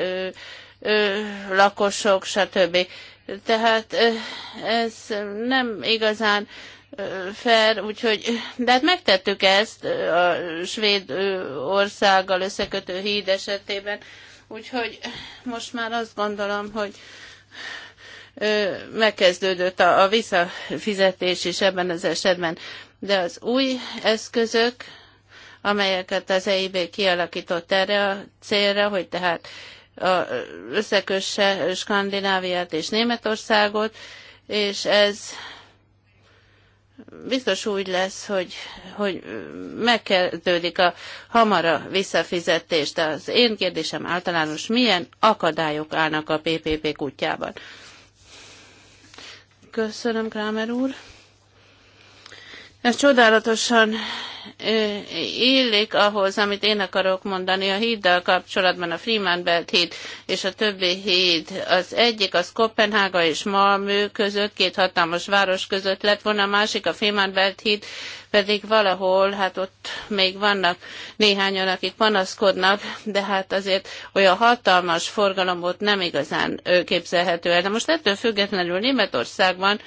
lakosok, stb. Tehát ez nem igazán fair, úgyhogy, de hát megtettük ezt a svéd országgal összekötő híd esetében, úgyhogy most már azt gondolom, hogy megkezdődött a, a visszafizetés is ebben az esetben. De az új eszközök, amelyeket az EIB kialakított erre a célra, hogy tehát összekösse Skandináviát és Németországot, és ez biztos úgy lesz, hogy, hogy megkezdődik a hamar a visszafizetés, de az én kérdésem általános, milyen akadályok állnak a PPP kutyában? Köszönöm, Krámer úr. Ez csodálatosan illik ahhoz, amit én akarok mondani a híddal kapcsolatban, a Freeman Belt híd és a többi híd. Az egyik az Kopenhága és Malmö között, két hatalmas város között lett volna, a másik a Freeman Belt híd, pedig valahol, hát ott még vannak néhányan, akik panaszkodnak, de hát azért olyan hatalmas forgalomot nem igazán képzelhető el. De most ettől függetlenül Németországban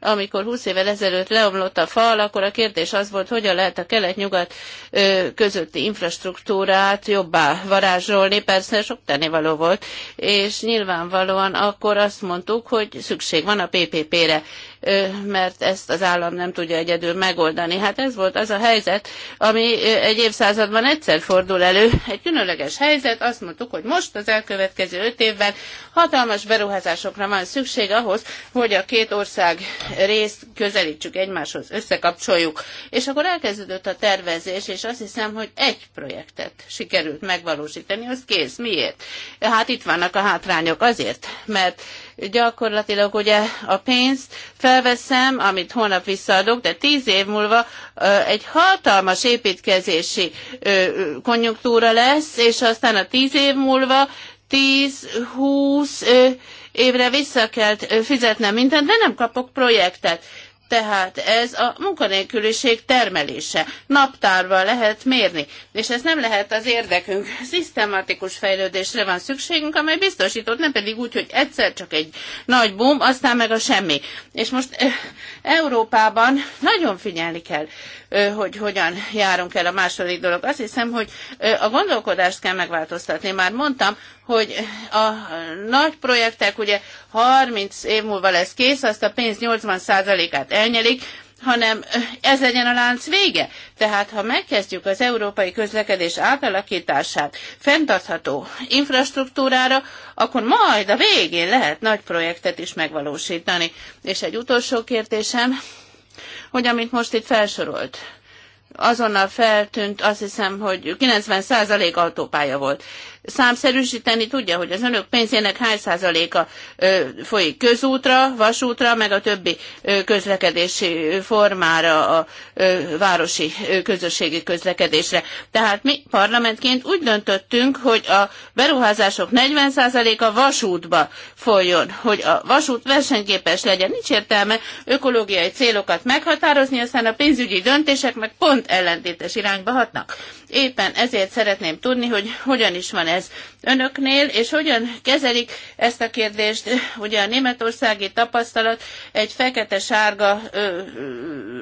amikor 20 évvel ezelőtt leomlott a fal, akkor a kérdés az volt, hogyan lehet a kelet-nyugat közötti infrastruktúrát jobbá varázsolni. Persze sok tennivaló volt, és nyilvánvalóan akkor azt mondtuk, hogy szükség van a PPP-re mert ezt az állam nem tudja egyedül megoldani. Hát ez volt az a helyzet, ami egy évszázadban egyszer fordul elő. Egy különleges helyzet, azt mondtuk, hogy most az elkövetkező öt évben hatalmas beruházásokra van szükség ahhoz, hogy a két ország részt közelítsük egymáshoz, összekapcsoljuk. És akkor elkezdődött a tervezés, és azt hiszem, hogy egy projektet sikerült megvalósítani, az kész. Miért? Hát itt vannak a hátrányok azért, mert gyakorlatilag ugye a pénzt felveszem, amit holnap visszaadok, de tíz év múlva egy hatalmas építkezési konjunktúra lesz, és aztán a tíz év múlva tíz-húsz évre vissza kell fizetnem mindent, de nem kapok projektet. Tehát ez a munkanélküliség termelése. Naptárban lehet mérni, és ez nem lehet az érdekünk. Szisztematikus fejlődésre van szükségünk, amely biztosított, nem pedig úgy, hogy egyszer csak egy nagy boom, aztán meg a semmi. És most e, Európában nagyon figyelni kell, eh, hogy hogyan járunk el a második dolog. Azt hiszem, hogy eh, a gondolkodást kell megváltoztatni. Már mondtam, hogy a nagy projektek ugye 30 év múlva lesz kész, azt a pénz 80%-át elnyelik, hanem ez legyen a lánc vége. Tehát ha megkezdjük az európai közlekedés átalakítását fenntartható infrastruktúrára, akkor majd a végén lehet nagy projektet is megvalósítani. És egy utolsó kérdésem, hogy amit most itt felsorolt, azonnal feltűnt, azt hiszem, hogy 90% autópálya volt számszerűsíteni tudja, hogy az önök pénzének hány százaléka folyik közútra, vasútra, meg a többi közlekedési formára, a városi közösségi közlekedésre. Tehát mi parlamentként úgy döntöttünk, hogy a beruházások 40 százaléka vasútba folyjon, hogy a vasút versenyképes legyen. Nincs értelme ökológiai célokat meghatározni, aztán a pénzügyi döntések meg pont ellentétes irányba hatnak. Éppen ezért szeretném tudni, hogy hogyan is van ez önöknél, és hogyan kezelik ezt a kérdést? Ugye a németországi tapasztalat egy fekete-sárga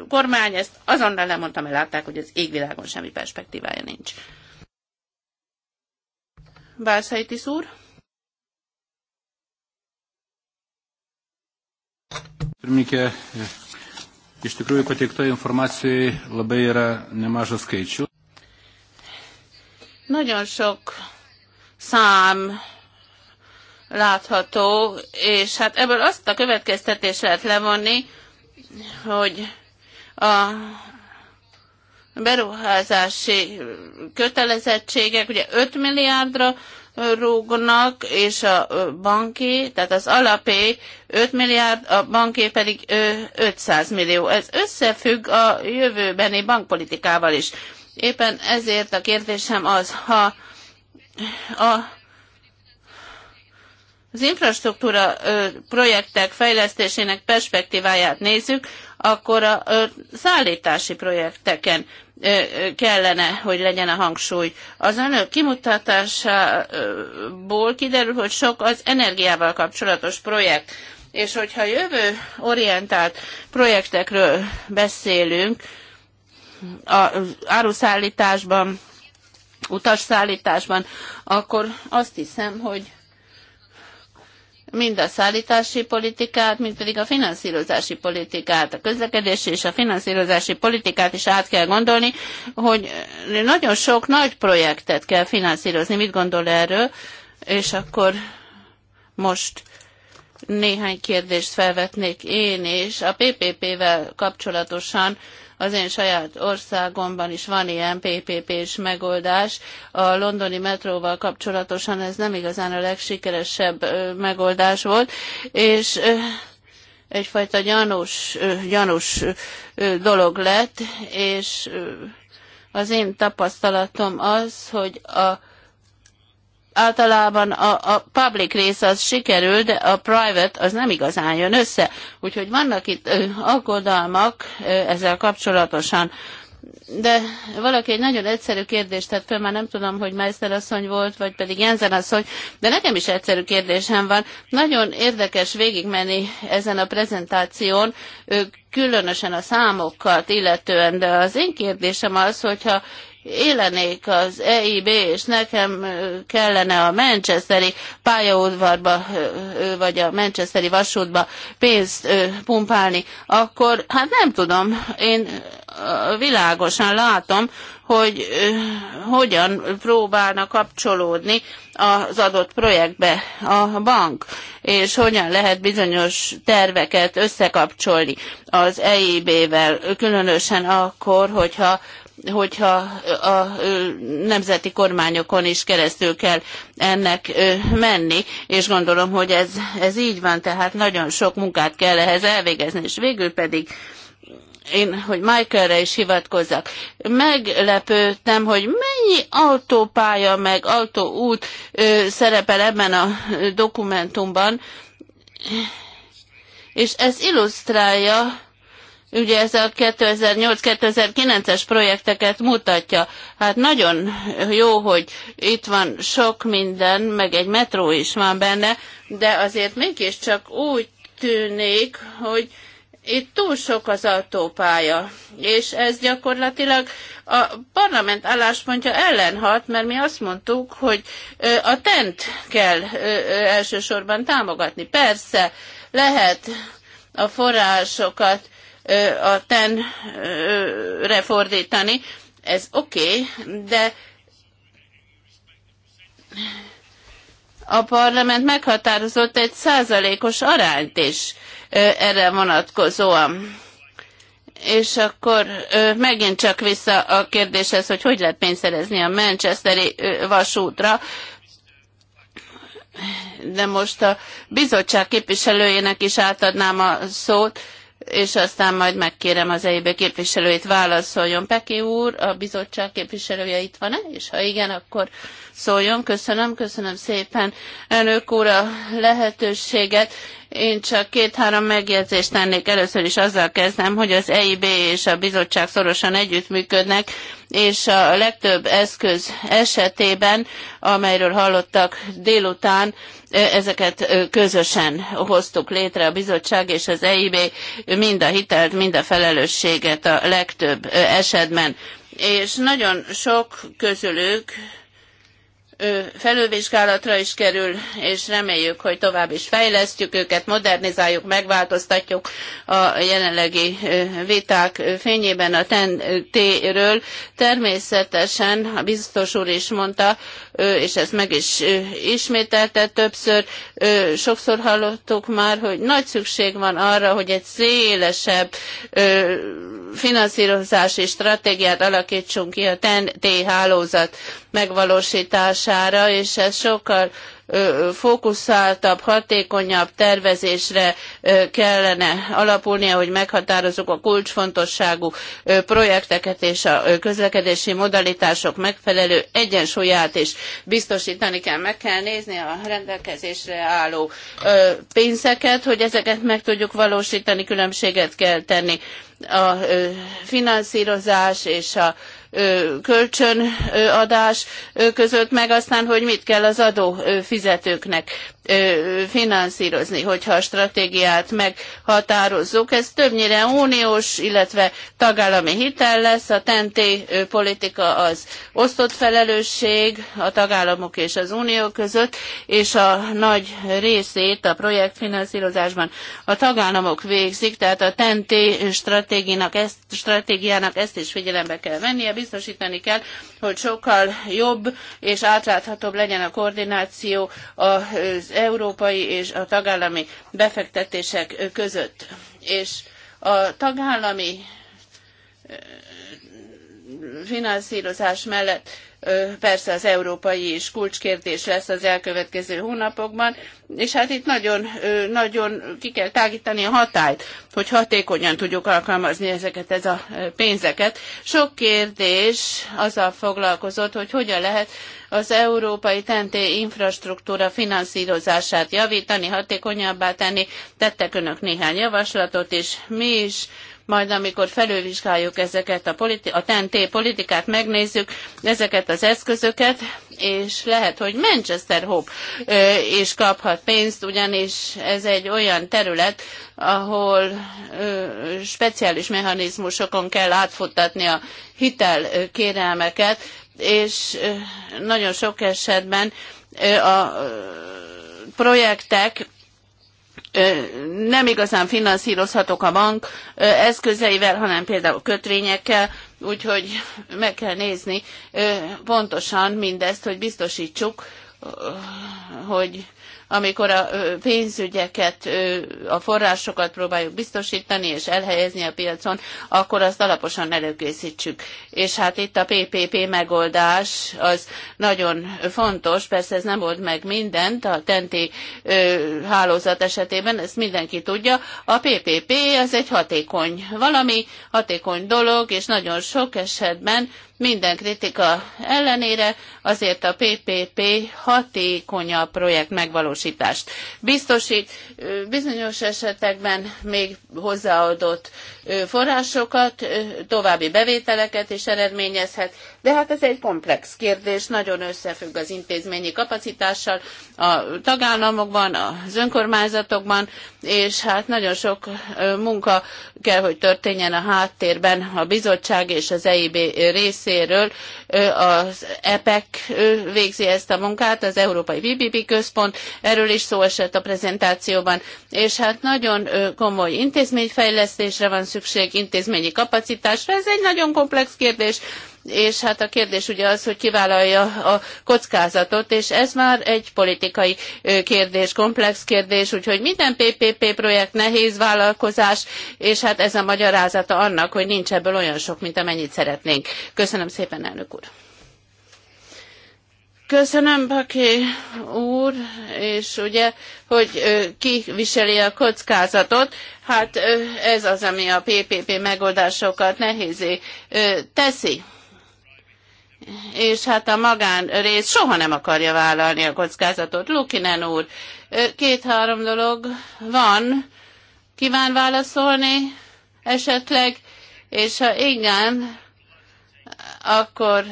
kormány, ezt azonnal lemondtam, mert látták, hogy az égvilágon semmi perspektívája nincs. Bárszaitis úr? Pirmininkė, iš tikrųjų pateiktoje informacijoje labai yra nemažas skaičių. Nagyon sok szám látható, és hát ebből azt a következtetés lehet levonni, hogy a beruházási kötelezettségek ugye 5 milliárdra rúgnak, és a banki, tehát az alapé 5 milliárd, a banké pedig 500 millió. Ez összefügg a jövőbeni bankpolitikával is. Éppen ezért a kérdésem az, ha a az infrastruktúra projektek fejlesztésének perspektíváját nézzük, akkor a szállítási projekteken kellene, hogy legyen a hangsúly. Az önök kimutatásából kiderül, hogy sok az energiával kapcsolatos projekt, és hogyha jövő orientált projektekről beszélünk, az áruszállításban, utasszállításban, akkor azt hiszem, hogy mind a szállítási politikát, mind pedig a finanszírozási politikát, a közlekedési és a finanszírozási politikát is át kell gondolni, hogy nagyon sok nagy projektet kell finanszírozni. Mit gondol erről? És akkor most néhány kérdést felvetnék én is. A PPP-vel kapcsolatosan az én saját országomban is van ilyen PPP-s megoldás. A londoni metróval kapcsolatosan ez nem igazán a legsikeresebb megoldás volt, és egyfajta gyanús, gyanús dolog lett, és az én tapasztalatom az, hogy a általában a, a public rész az sikerül, de a private az nem igazán jön össze. Úgyhogy vannak itt aggodalmak ezzel kapcsolatosan. De valaki egy nagyon egyszerű kérdést tett föl, már nem tudom, hogy Meister asszony volt, vagy pedig Jensen asszony, de nekem is egyszerű kérdésem van. Nagyon érdekes végigmenni ezen a prezentáción, különösen a számokat illetően, de az én kérdésem az, hogyha élenék az EIB, és nekem kellene a Manchesteri pályaudvarba, vagy a Manchesteri vasútba pénzt pumpálni, akkor hát nem tudom, én világosan látom, hogy hogyan próbálna kapcsolódni az adott projektbe a bank, és hogyan lehet bizonyos terveket összekapcsolni az EIB-vel, különösen akkor, hogyha hogyha a nemzeti kormányokon is keresztül kell ennek menni, és gondolom, hogy ez, ez így van, tehát nagyon sok munkát kell ehhez elvégezni, és végül pedig én, hogy Michaelre is hivatkozzak, meglepődtem, hogy mennyi autópálya meg autóút ö, szerepel ebben a dokumentumban, és ez illusztrálja, ugye ez a 2008-2009-es projekteket mutatja. Hát nagyon jó, hogy itt van sok minden, meg egy metró is van benne, de azért mégiscsak úgy tűnik, hogy itt túl sok az autópálya, és ez gyakorlatilag a parlament álláspontja ellen hat, mert mi azt mondtuk, hogy a tent kell elsősorban támogatni. Persze lehet a forrásokat a ten fordítani. Ez oké, okay, de a parlament meghatározott egy százalékos arányt is erre vonatkozóan. És akkor ö, megint csak vissza a kérdéshez, hogy hogy lehet pénzt szerezni a Manchesteri ö, vasútra. De most a bizottság képviselőjének is átadnám a szót, és aztán majd megkérem az EIB képviselőit válaszoljon. Peki úr, a bizottság képviselője itt van-e? És ha igen, akkor szóljon. Köszönöm, köszönöm szépen Önök úr a lehetőséget. Én csak két-három megjegyzést tennék. Először is azzal kezdem, hogy az EIB és a bizottság szorosan együttműködnek, és a legtöbb eszköz esetében, amelyről hallottak délután, ezeket közösen hoztuk létre a bizottság és az EIB, mind a hitelt, mind a felelősséget a legtöbb esetben. És nagyon sok közülük felülvizsgálatra is kerül, és reméljük, hogy tovább is fejlesztjük őket, modernizáljuk, megváltoztatjuk a jelenlegi viták fényében a TEN-T-ről. Természetesen, a biztos úr is mondta, és ezt meg is ismételte többször, sokszor hallottuk már, hogy nagy szükség van arra, hogy egy szélesebb finanszírozási stratégiát alakítsunk ki a TEN-T hálózat megvalósítására, és ez sokkal fókuszáltabb, hatékonyabb tervezésre kellene alapulnia, hogy meghatározzuk a kulcsfontosságú projekteket és a közlekedési modalitások megfelelő egyensúlyát is biztosítani kell. Meg kell nézni a rendelkezésre álló pénzeket, hogy ezeket meg tudjuk valósítani, különbséget kell tenni a finanszírozás és a kölcsönadás között, meg aztán, hogy mit kell az adófizetőknek finanszírozni, hogyha a stratégiát meghatározzuk. Ez többnyire uniós, illetve tagállami hitel lesz. A TNT politika az osztott felelősség a tagállamok és az unió között, és a nagy részét a projektfinanszírozásban a tagállamok végzik, tehát a TNT stratégiának ezt, stratégiának ezt is figyelembe kell vennie, biztosítani kell, hogy sokkal jobb és átláthatóbb legyen a koordináció az európai és a tagállami befektetések között. És a tagállami finanszírozás mellett persze az európai is kulcskérdés lesz az elkövetkező hónapokban, és hát itt nagyon, nagyon ki kell tágítani a hatályt, hogy hatékonyan tudjuk alkalmazni ezeket ez a pénzeket. Sok kérdés azzal foglalkozott, hogy hogyan lehet az európai TNT infrastruktúra finanszírozását javítani, hatékonyabbá tenni. Tettek önök néhány javaslatot, és mi is majd amikor felülvizsgáljuk ezeket a, politi- a TNT politikát, megnézzük ezeket az eszközöket, és lehet, hogy Manchester Hope ö, is kaphat pénzt, ugyanis ez egy olyan terület, ahol ö, speciális mechanizmusokon kell átfuttatni a hitelkérelmeket, és nagyon sok esetben a projektek nem igazán finanszírozhatok a bank eszközeivel, hanem például kötvényekkel, úgyhogy meg kell nézni pontosan mindezt, hogy biztosítsuk, hogy amikor a pénzügyeket, a forrásokat próbáljuk biztosítani és elhelyezni a piacon, akkor azt alaposan előkészítsük. És hát itt a PPP megoldás az nagyon fontos, persze ez nem volt meg mindent a tenti hálózat esetében, ezt mindenki tudja. A PPP az egy hatékony valami, hatékony dolog, és nagyon sok esetben minden kritika ellenére azért a PPP hatékonyabb projekt megvalósítást biztosít, bizonyos esetekben még hozzáadott forrásokat, további bevételeket is eredményezhet, de hát ez egy komplex kérdés, nagyon összefügg az intézményi kapacitással a tagállamokban, az önkormányzatokban, és hát nagyon sok munka kell, hogy történjen a háttérben a bizottság és az EIB részében részéről az EPEC végzi ezt a munkát, az Európai BBB Központ, erről is szó esett a prezentációban, és hát nagyon komoly intézményfejlesztésre van szükség, intézményi kapacitásra, ez egy nagyon komplex kérdés, és hát a kérdés ugye az, hogy kivállalja a kockázatot, és ez már egy politikai kérdés, komplex kérdés, úgyhogy minden PPP projekt nehéz vállalkozás, és hát ez a magyarázata annak, hogy nincs ebből olyan sok, mint amennyit szeretnénk. Köszönöm szépen, elnök úr! Köszönöm, Paki úr, és ugye, hogy ki viseli a kockázatot, hát ez az, ami a PPP megoldásokat nehézé teszi és hát a magán rész soha nem akarja vállalni a kockázatot. Lukinen úr, két-három dolog van, kíván válaszolni esetleg, és ha igen, akkor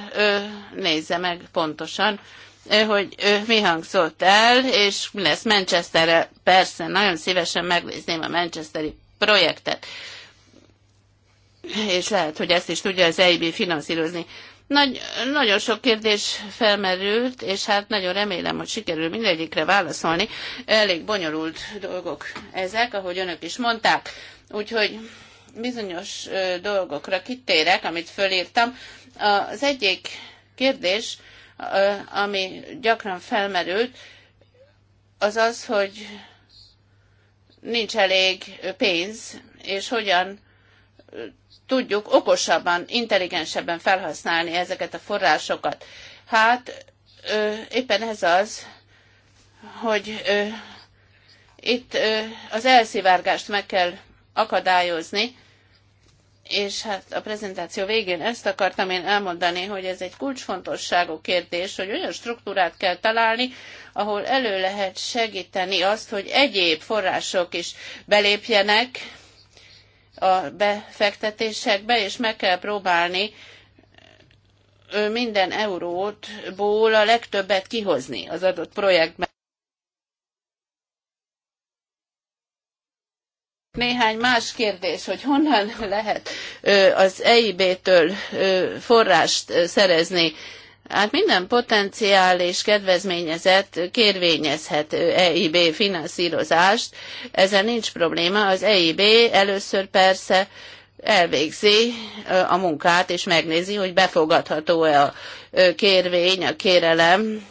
nézze meg pontosan, hogy mi hangzott el, és mi lesz Manchesterre. Persze, nagyon szívesen megnézném a Manchesteri projektet és lehet, hogy ezt is tudja az EIB finanszírozni. Nagy, nagyon sok kérdés felmerült, és hát nagyon remélem, hogy sikerül mindegyikre válaszolni. Elég bonyolult dolgok ezek, ahogy önök is mondták. Úgyhogy bizonyos dolgokra kitérek, amit fölírtam. Az egyik kérdés, ami gyakran felmerült, az az, hogy nincs elég pénz, és hogyan tudjuk okosabban, intelligensebben felhasználni ezeket a forrásokat. Hát éppen ez az, hogy itt az elszivárgást meg kell akadályozni, és hát a prezentáció végén ezt akartam én elmondani, hogy ez egy kulcsfontosságú kérdés, hogy olyan struktúrát kell találni, ahol elő lehet segíteni azt, hogy egyéb források is belépjenek, a befektetésekbe, és meg kell próbálni minden eurótból a legtöbbet kihozni az adott projektben. Néhány más kérdés, hogy honnan lehet az EIB-től forrást szerezni Hát minden potenciális kedvezményezett kérvényezhet EIB finanszírozást, ezen nincs probléma. Az EIB először persze elvégzi a munkát, és megnézi, hogy befogadható-e a kérvény, a kérelem,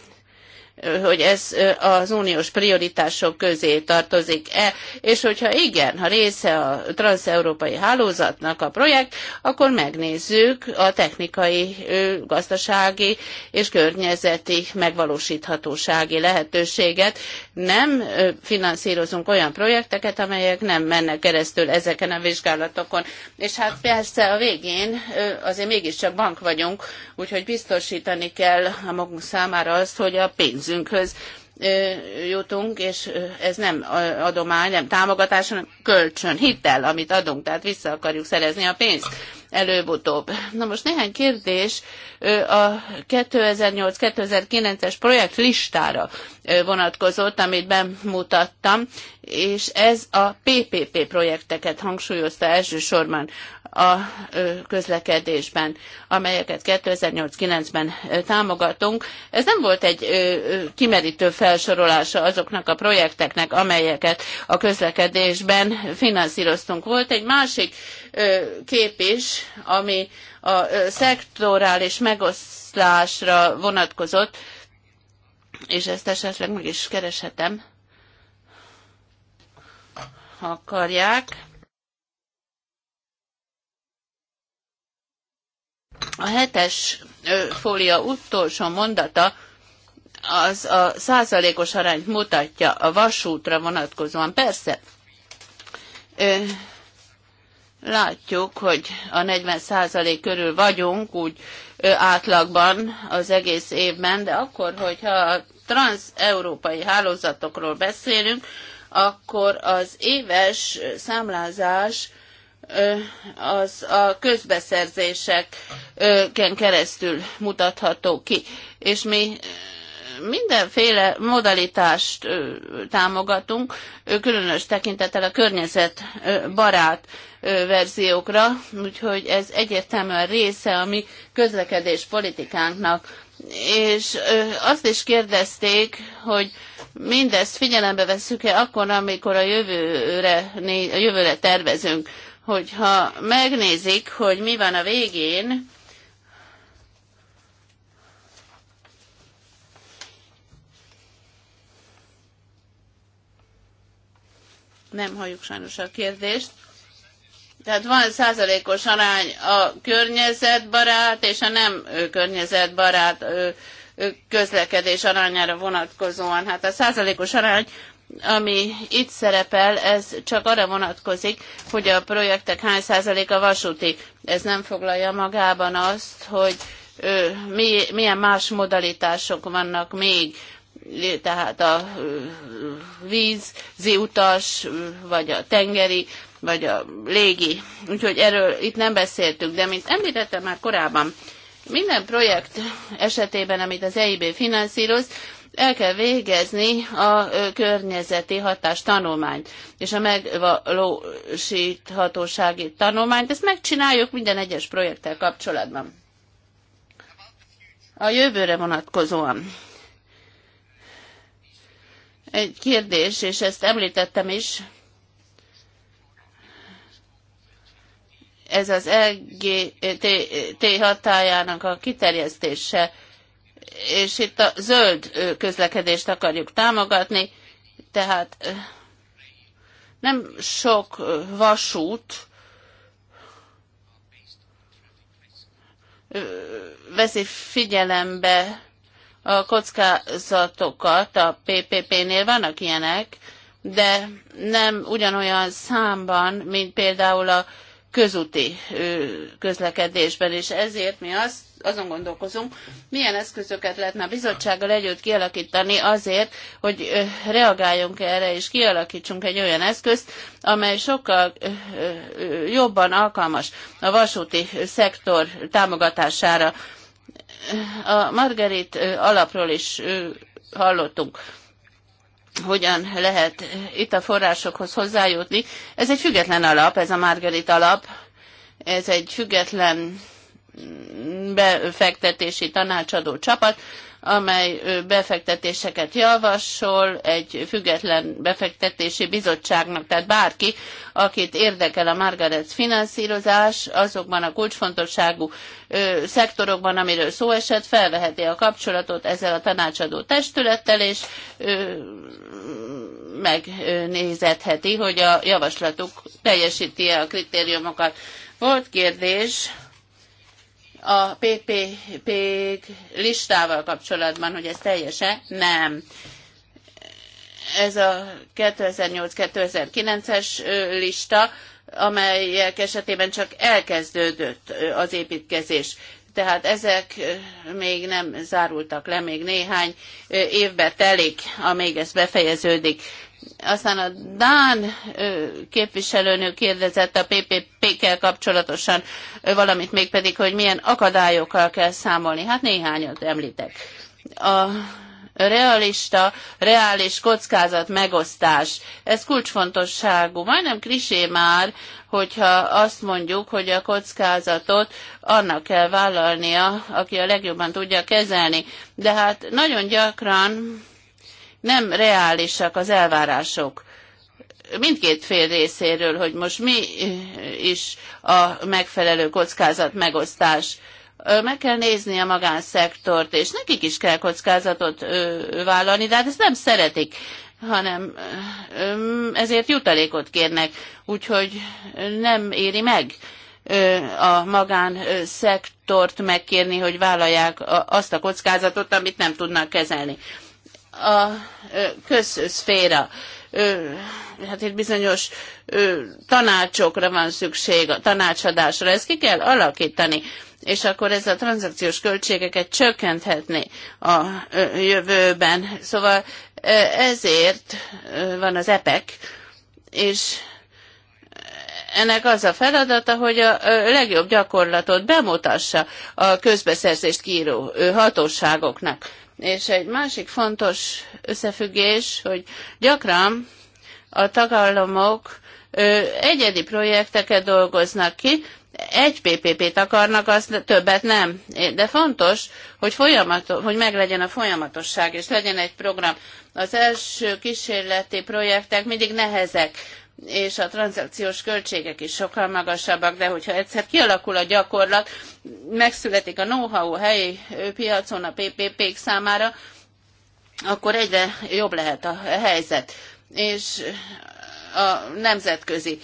hogy ez az uniós prioritások közé tartozik-e, és hogyha igen, ha része a transeurópai hálózatnak a projekt, akkor megnézzük a technikai, gazdasági és környezeti megvalósíthatósági lehetőséget. Nem finanszírozunk olyan projekteket, amelyek nem mennek keresztül ezeken a vizsgálatokon. És hát persze a végén azért mégiscsak bank vagyunk, úgyhogy biztosítani kell a magunk számára azt, hogy a pénzünk kezünkhöz jutunk, és ez nem adomány, nem támogatás, hanem kölcsön, hitel, amit adunk, tehát vissza akarjuk szerezni a pénzt előbb-utóbb. Na most néhány kérdés a 2008-2009-es projekt listára vonatkozott, amit bemutattam, és ez a PPP projekteket hangsúlyozta elsősorban a közlekedésben, amelyeket 2008-9-ben támogatunk. Ez nem volt egy kimerítő felsorolása azoknak a projekteknek, amelyeket a közlekedésben finanszíroztunk. Volt egy másik kép is, ami a szektorális megoszlásra vonatkozott, és ezt esetleg meg is kereshetem, ha akarják. A hetes fólia utolsó mondata az a százalékos arányt mutatja a vasútra vonatkozóan. Persze, látjuk, hogy a 40 százalék körül vagyunk, úgy átlagban az egész évben, de akkor, hogyha a transeurópai hálózatokról beszélünk, akkor az éves számlázás az a közbeszerzéseken keresztül mutatható ki. És mi mindenféle modalitást támogatunk, különös tekintettel a környezetbarát verziókra, úgyhogy ez egyértelműen része a mi közlekedés politikánknak. És azt is kérdezték, hogy mindezt figyelembe vesszük-e akkor, amikor a jövőre, a jövőre tervezünk hogyha megnézik, hogy mi van a végén, nem halljuk sajnos a kérdést. Tehát van százalékos arány a környezetbarát és a nem környezetbarát közlekedés arányára vonatkozóan. Hát a százalékos arány ami itt szerepel, ez csak arra vonatkozik, hogy a projektek hány százaléka vasúti. Ez nem foglalja magában azt, hogy ö, mi, milyen más modalitások vannak még, tehát a ö, vízi utas, vagy a tengeri, vagy a légi. Úgyhogy erről itt nem beszéltük, de mint említettem már korábban, minden projekt esetében, amit az EIB finanszíroz, el kell végezni a környezeti hatás tanulmányt, és a megvalósíthatósági tanulmányt. Ezt megcsináljuk minden egyes projekttel kapcsolatban. A jövőre vonatkozóan. Egy kérdés, és ezt említettem is, ez az LGT hatájának a kiterjesztése és itt a zöld közlekedést akarjuk támogatni, tehát nem sok vasút veszi figyelembe a kockázatokat, a PPP-nél vannak ilyenek, de nem ugyanolyan számban, mint például a közúti közlekedésben, és ezért mi azt azon gondolkozunk, milyen eszközöket lehetne a bizottsággal együtt kialakítani azért, hogy reagáljunk erre és kialakítsunk egy olyan eszközt, amely sokkal jobban alkalmas a vasúti szektor támogatására. A Margarit alapról is hallottunk hogyan lehet itt a forrásokhoz hozzájutni. Ez egy független alap, ez a Margarit alap, ez egy független befektetési tanácsadó csapat, amely befektetéseket javasol egy független befektetési bizottságnak, tehát bárki, akit érdekel a Margaret finanszírozás, azokban a kulcsfontosságú ö, szektorokban, amiről szó esett, felveheti a kapcsolatot ezzel a tanácsadó testülettel, és ö, megnézetheti, hogy a javaslatuk teljesíti-e a kritériumokat. Volt kérdés a PPP listával kapcsolatban, hogy ez teljesen nem. Ez a 2008-2009-es lista, amelyek esetében csak elkezdődött az építkezés. Tehát ezek még nem zárultak le, még néhány évbe telik, amíg ez befejeződik aztán a Dán képviselőnő kérdezett a PPP-kel kapcsolatosan valamit mégpedig, hogy milyen akadályokkal kell számolni. Hát néhányat említek. A realista, reális kockázat megosztás. Ez kulcsfontosságú. Majdnem krisé már, hogyha azt mondjuk, hogy a kockázatot annak kell vállalnia, aki a legjobban tudja kezelni. De hát nagyon gyakran nem reálisak az elvárások mindkét fél részéről, hogy most mi is a megfelelő kockázat megosztás. Meg kell nézni a magánszektort, és nekik is kell kockázatot vállalni, de hát ezt nem szeretik, hanem ezért jutalékot kérnek, úgyhogy nem éri meg a magánszektort megkérni, hogy vállalják azt a kockázatot, amit nem tudnak kezelni a közszféra hát itt bizonyos tanácsokra van szükség, a tanácsadásra, ezt ki kell alakítani, és akkor ez a tranzakciós költségeket csökkenthetni a jövőben. Szóval ezért van az EPEC, és ennek az a feladata, hogy a legjobb gyakorlatot bemutassa a közbeszerzést kíró hatóságoknak és egy másik fontos összefüggés, hogy gyakran a tagállamok egyedi projekteket dolgoznak ki, egy PPP-t akarnak, az többet nem. De fontos, hogy, folyamat, hogy meglegyen a folyamatosság, és legyen egy program. Az első kísérleti projektek mindig nehezek, és a tranzakciós költségek is sokkal magasabbak, de hogyha egyszer kialakul a gyakorlat, megszületik a know-how helyi piacon a PPP-k számára, akkor egyre jobb lehet a helyzet. És a nemzetközi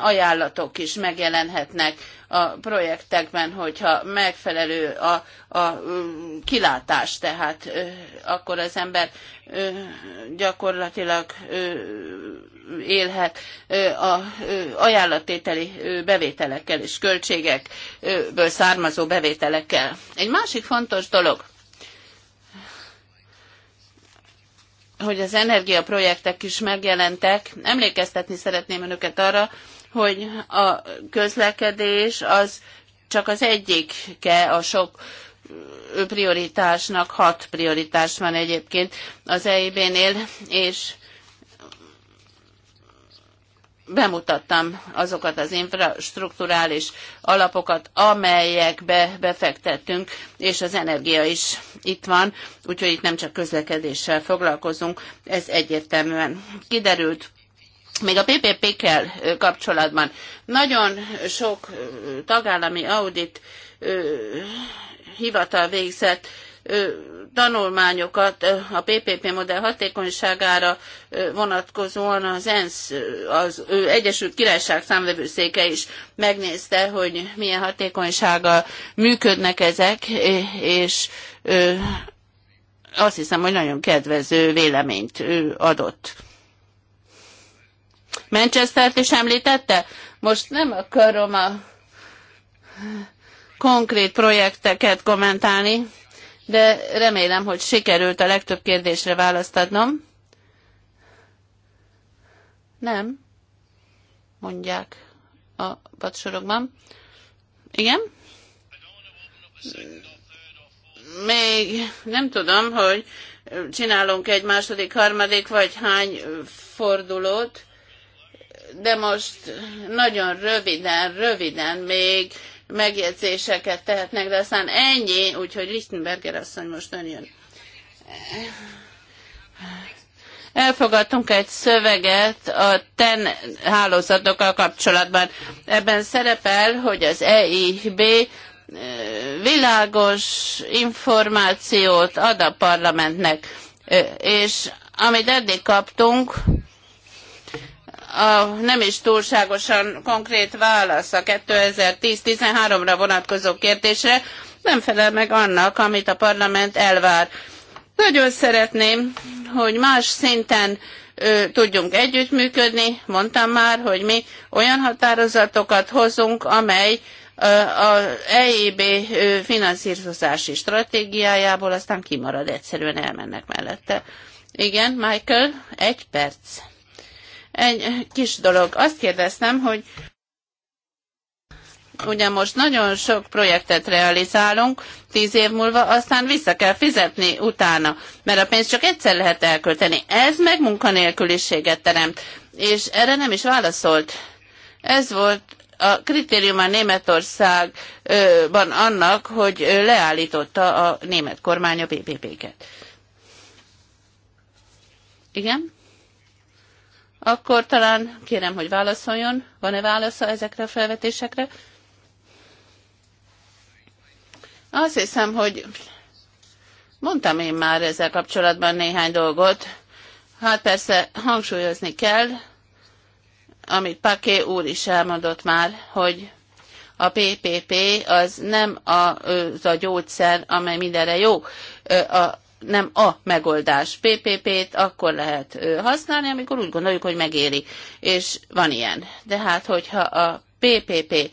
ajánlatok is megjelenhetnek a projektekben, hogyha megfelelő a, a kilátás, tehát akkor az ember gyakorlatilag élhet a ajánlattételi bevételekkel és költségekből származó bevételekkel. Egy másik fontos dolog, hogy az energiaprojektek is megjelentek. Emlékeztetni szeretném önöket arra, hogy a közlekedés az csak az egyike a sok prioritásnak, hat prioritás van egyébként az EIB-nél, és bemutattam azokat az infrastruktúrális alapokat, amelyekbe befektettünk, és az energia is itt van, úgyhogy itt nem csak közlekedéssel foglalkozunk, ez egyértelműen kiderült. Még a PPP-kkel kapcsolatban nagyon sok tagállami audit hivatal végzett tanulmányokat a PPP modell hatékonyságára vonatkozóan az ENSZ, az Egyesült Királyság számvevőszéke is megnézte, hogy milyen hatékonysággal működnek ezek, és azt hiszem, hogy nagyon kedvező véleményt adott. Manchester-t is említette? Most nem akarom a konkrét projekteket kommentálni, de remélem, hogy sikerült a legtöbb kérdésre választ adnom. Nem, mondják a padsorokban. Igen? Még nem tudom, hogy csinálunk egy második, harmadik, vagy hány fordulót, de most nagyon röviden, röviden még megjegyzéseket tehetnek, de aztán ennyi, úgyhogy Lichtenberger asszony most ön jön. Elfogadtunk egy szöveget a TEN hálózatokkal kapcsolatban. Ebben szerepel, hogy az EIB eh, világos információt ad a parlamentnek, eh, és amit eddig kaptunk, a nem is túlságosan konkrét válasz a 2010-13-ra vonatkozó kérdésre nem felel meg annak, amit a parlament elvár. Nagyon szeretném, hogy más szinten ö, tudjunk együttműködni. Mondtam már, hogy mi olyan határozatokat hozunk, amely a EIB finanszírozási stratégiájából aztán kimarad, egyszerűen elmennek mellette. Igen, Michael, egy perc. Egy kis dolog. Azt kérdeztem, hogy ugye most nagyon sok projektet realizálunk, tíz év múlva aztán vissza kell fizetni utána, mert a pénzt csak egyszer lehet elkölteni. Ez meg munkanélküliséget teremt, és erre nem is válaszolt. Ez volt a kritériuma Németországban annak, hogy leállította a német kormány a PPP-ket. Igen? Akkor talán kérem, hogy válaszoljon. Van-e válasza ezekre a felvetésekre? Azt hiszem, hogy mondtam én már ezzel kapcsolatban néhány dolgot. Hát persze hangsúlyozni kell, amit Paké úr is elmondott már, hogy a PPP az nem az a gyógyszer, amely mindenre jó. A nem a megoldás. PPP-t akkor lehet használni, amikor úgy gondoljuk, hogy megéri. És van ilyen. De hát, hogyha a PPP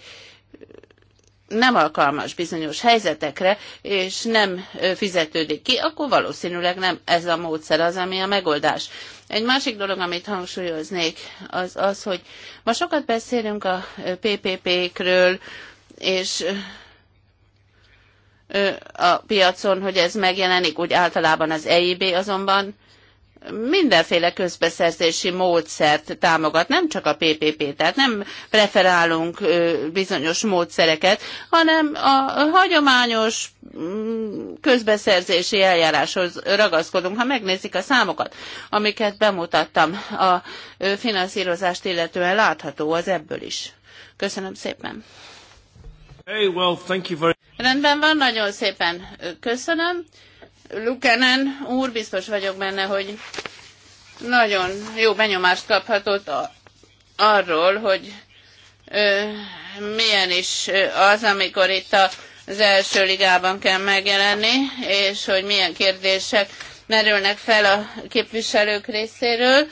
nem alkalmas bizonyos helyzetekre, és nem fizetődik ki, akkor valószínűleg nem ez a módszer az, ami a megoldás. Egy másik dolog, amit hangsúlyoznék, az az, hogy ma sokat beszélünk a PPP-kről, és a piacon, hogy ez megjelenik, úgy általában az EIB azonban mindenféle közbeszerzési módszert támogat, nem csak a PPP, tehát nem preferálunk bizonyos módszereket, hanem a hagyományos mm, közbeszerzési eljáráshoz ragaszkodunk. Ha megnézik a számokat, amiket bemutattam a finanszírozást illetően, látható az ebből is. Köszönöm szépen! Hey, well, thank you very... Rendben van, nagyon szépen köszönöm. Lukenen úr, biztos vagyok benne, hogy nagyon jó benyomást kaphatott a, arról, hogy ö, milyen is az, amikor itt a, az első ligában kell megjelenni, és hogy milyen kérdések merülnek fel a képviselők részéről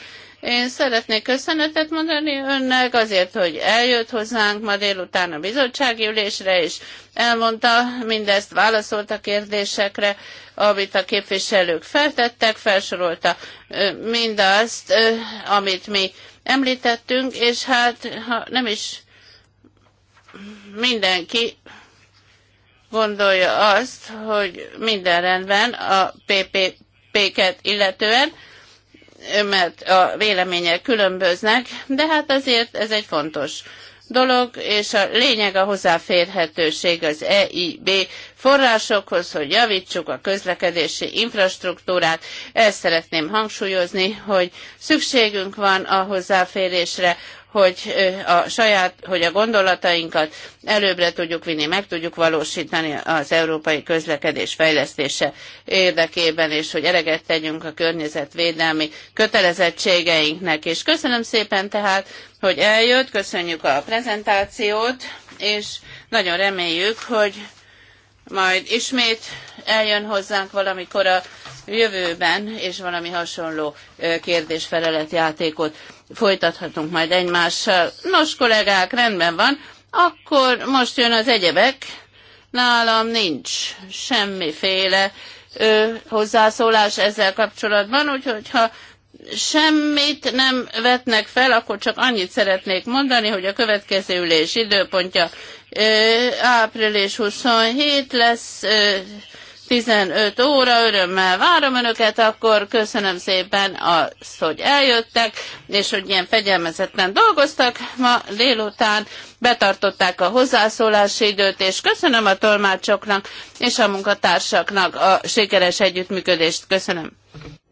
én szeretnék köszönetet mondani önnek azért, hogy eljött hozzánk ma délután a bizottsági ülésre, és elmondta mindezt, válaszolt a kérdésekre, amit a képviselők feltettek, felsorolta mindazt, amit mi említettünk, és hát ha nem is mindenki gondolja azt, hogy minden rendben a PPP-ket illetően, mert a vélemények különböznek, de hát azért ez egy fontos dolog, és a lényeg a hozzáférhetőség az EIB forrásokhoz, hogy javítsuk a közlekedési infrastruktúrát. Ezt szeretném hangsúlyozni, hogy szükségünk van a hozzáférésre hogy a saját, hogy a gondolatainkat előbbre tudjuk vinni, meg tudjuk valósítani az európai közlekedés fejlesztése érdekében, és hogy eleget tegyünk a környezetvédelmi kötelezettségeinknek. És köszönöm szépen tehát, hogy eljött, köszönjük a prezentációt, és nagyon reméljük, hogy majd ismét eljön hozzánk valamikor a jövőben, és valami hasonló kérdésfelelet játékot folytathatunk majd egymással. Nos, kollégák, rendben van. Akkor most jön az egyebek. Nálam nincs semmiféle ö, hozzászólás ezzel kapcsolatban, úgyhogy ha semmit nem vetnek fel, akkor csak annyit szeretnék mondani, hogy a következő ülés időpontja ö, április 27 lesz. Ö, 15 óra, örömmel várom önöket, akkor köszönöm szépen azt, hogy eljöttek, és hogy ilyen fegyelmezetten dolgoztak ma délután, betartották a hozzászólási időt, és köszönöm a tolmácsoknak és a munkatársaknak a sikeres együttműködést. Köszönöm.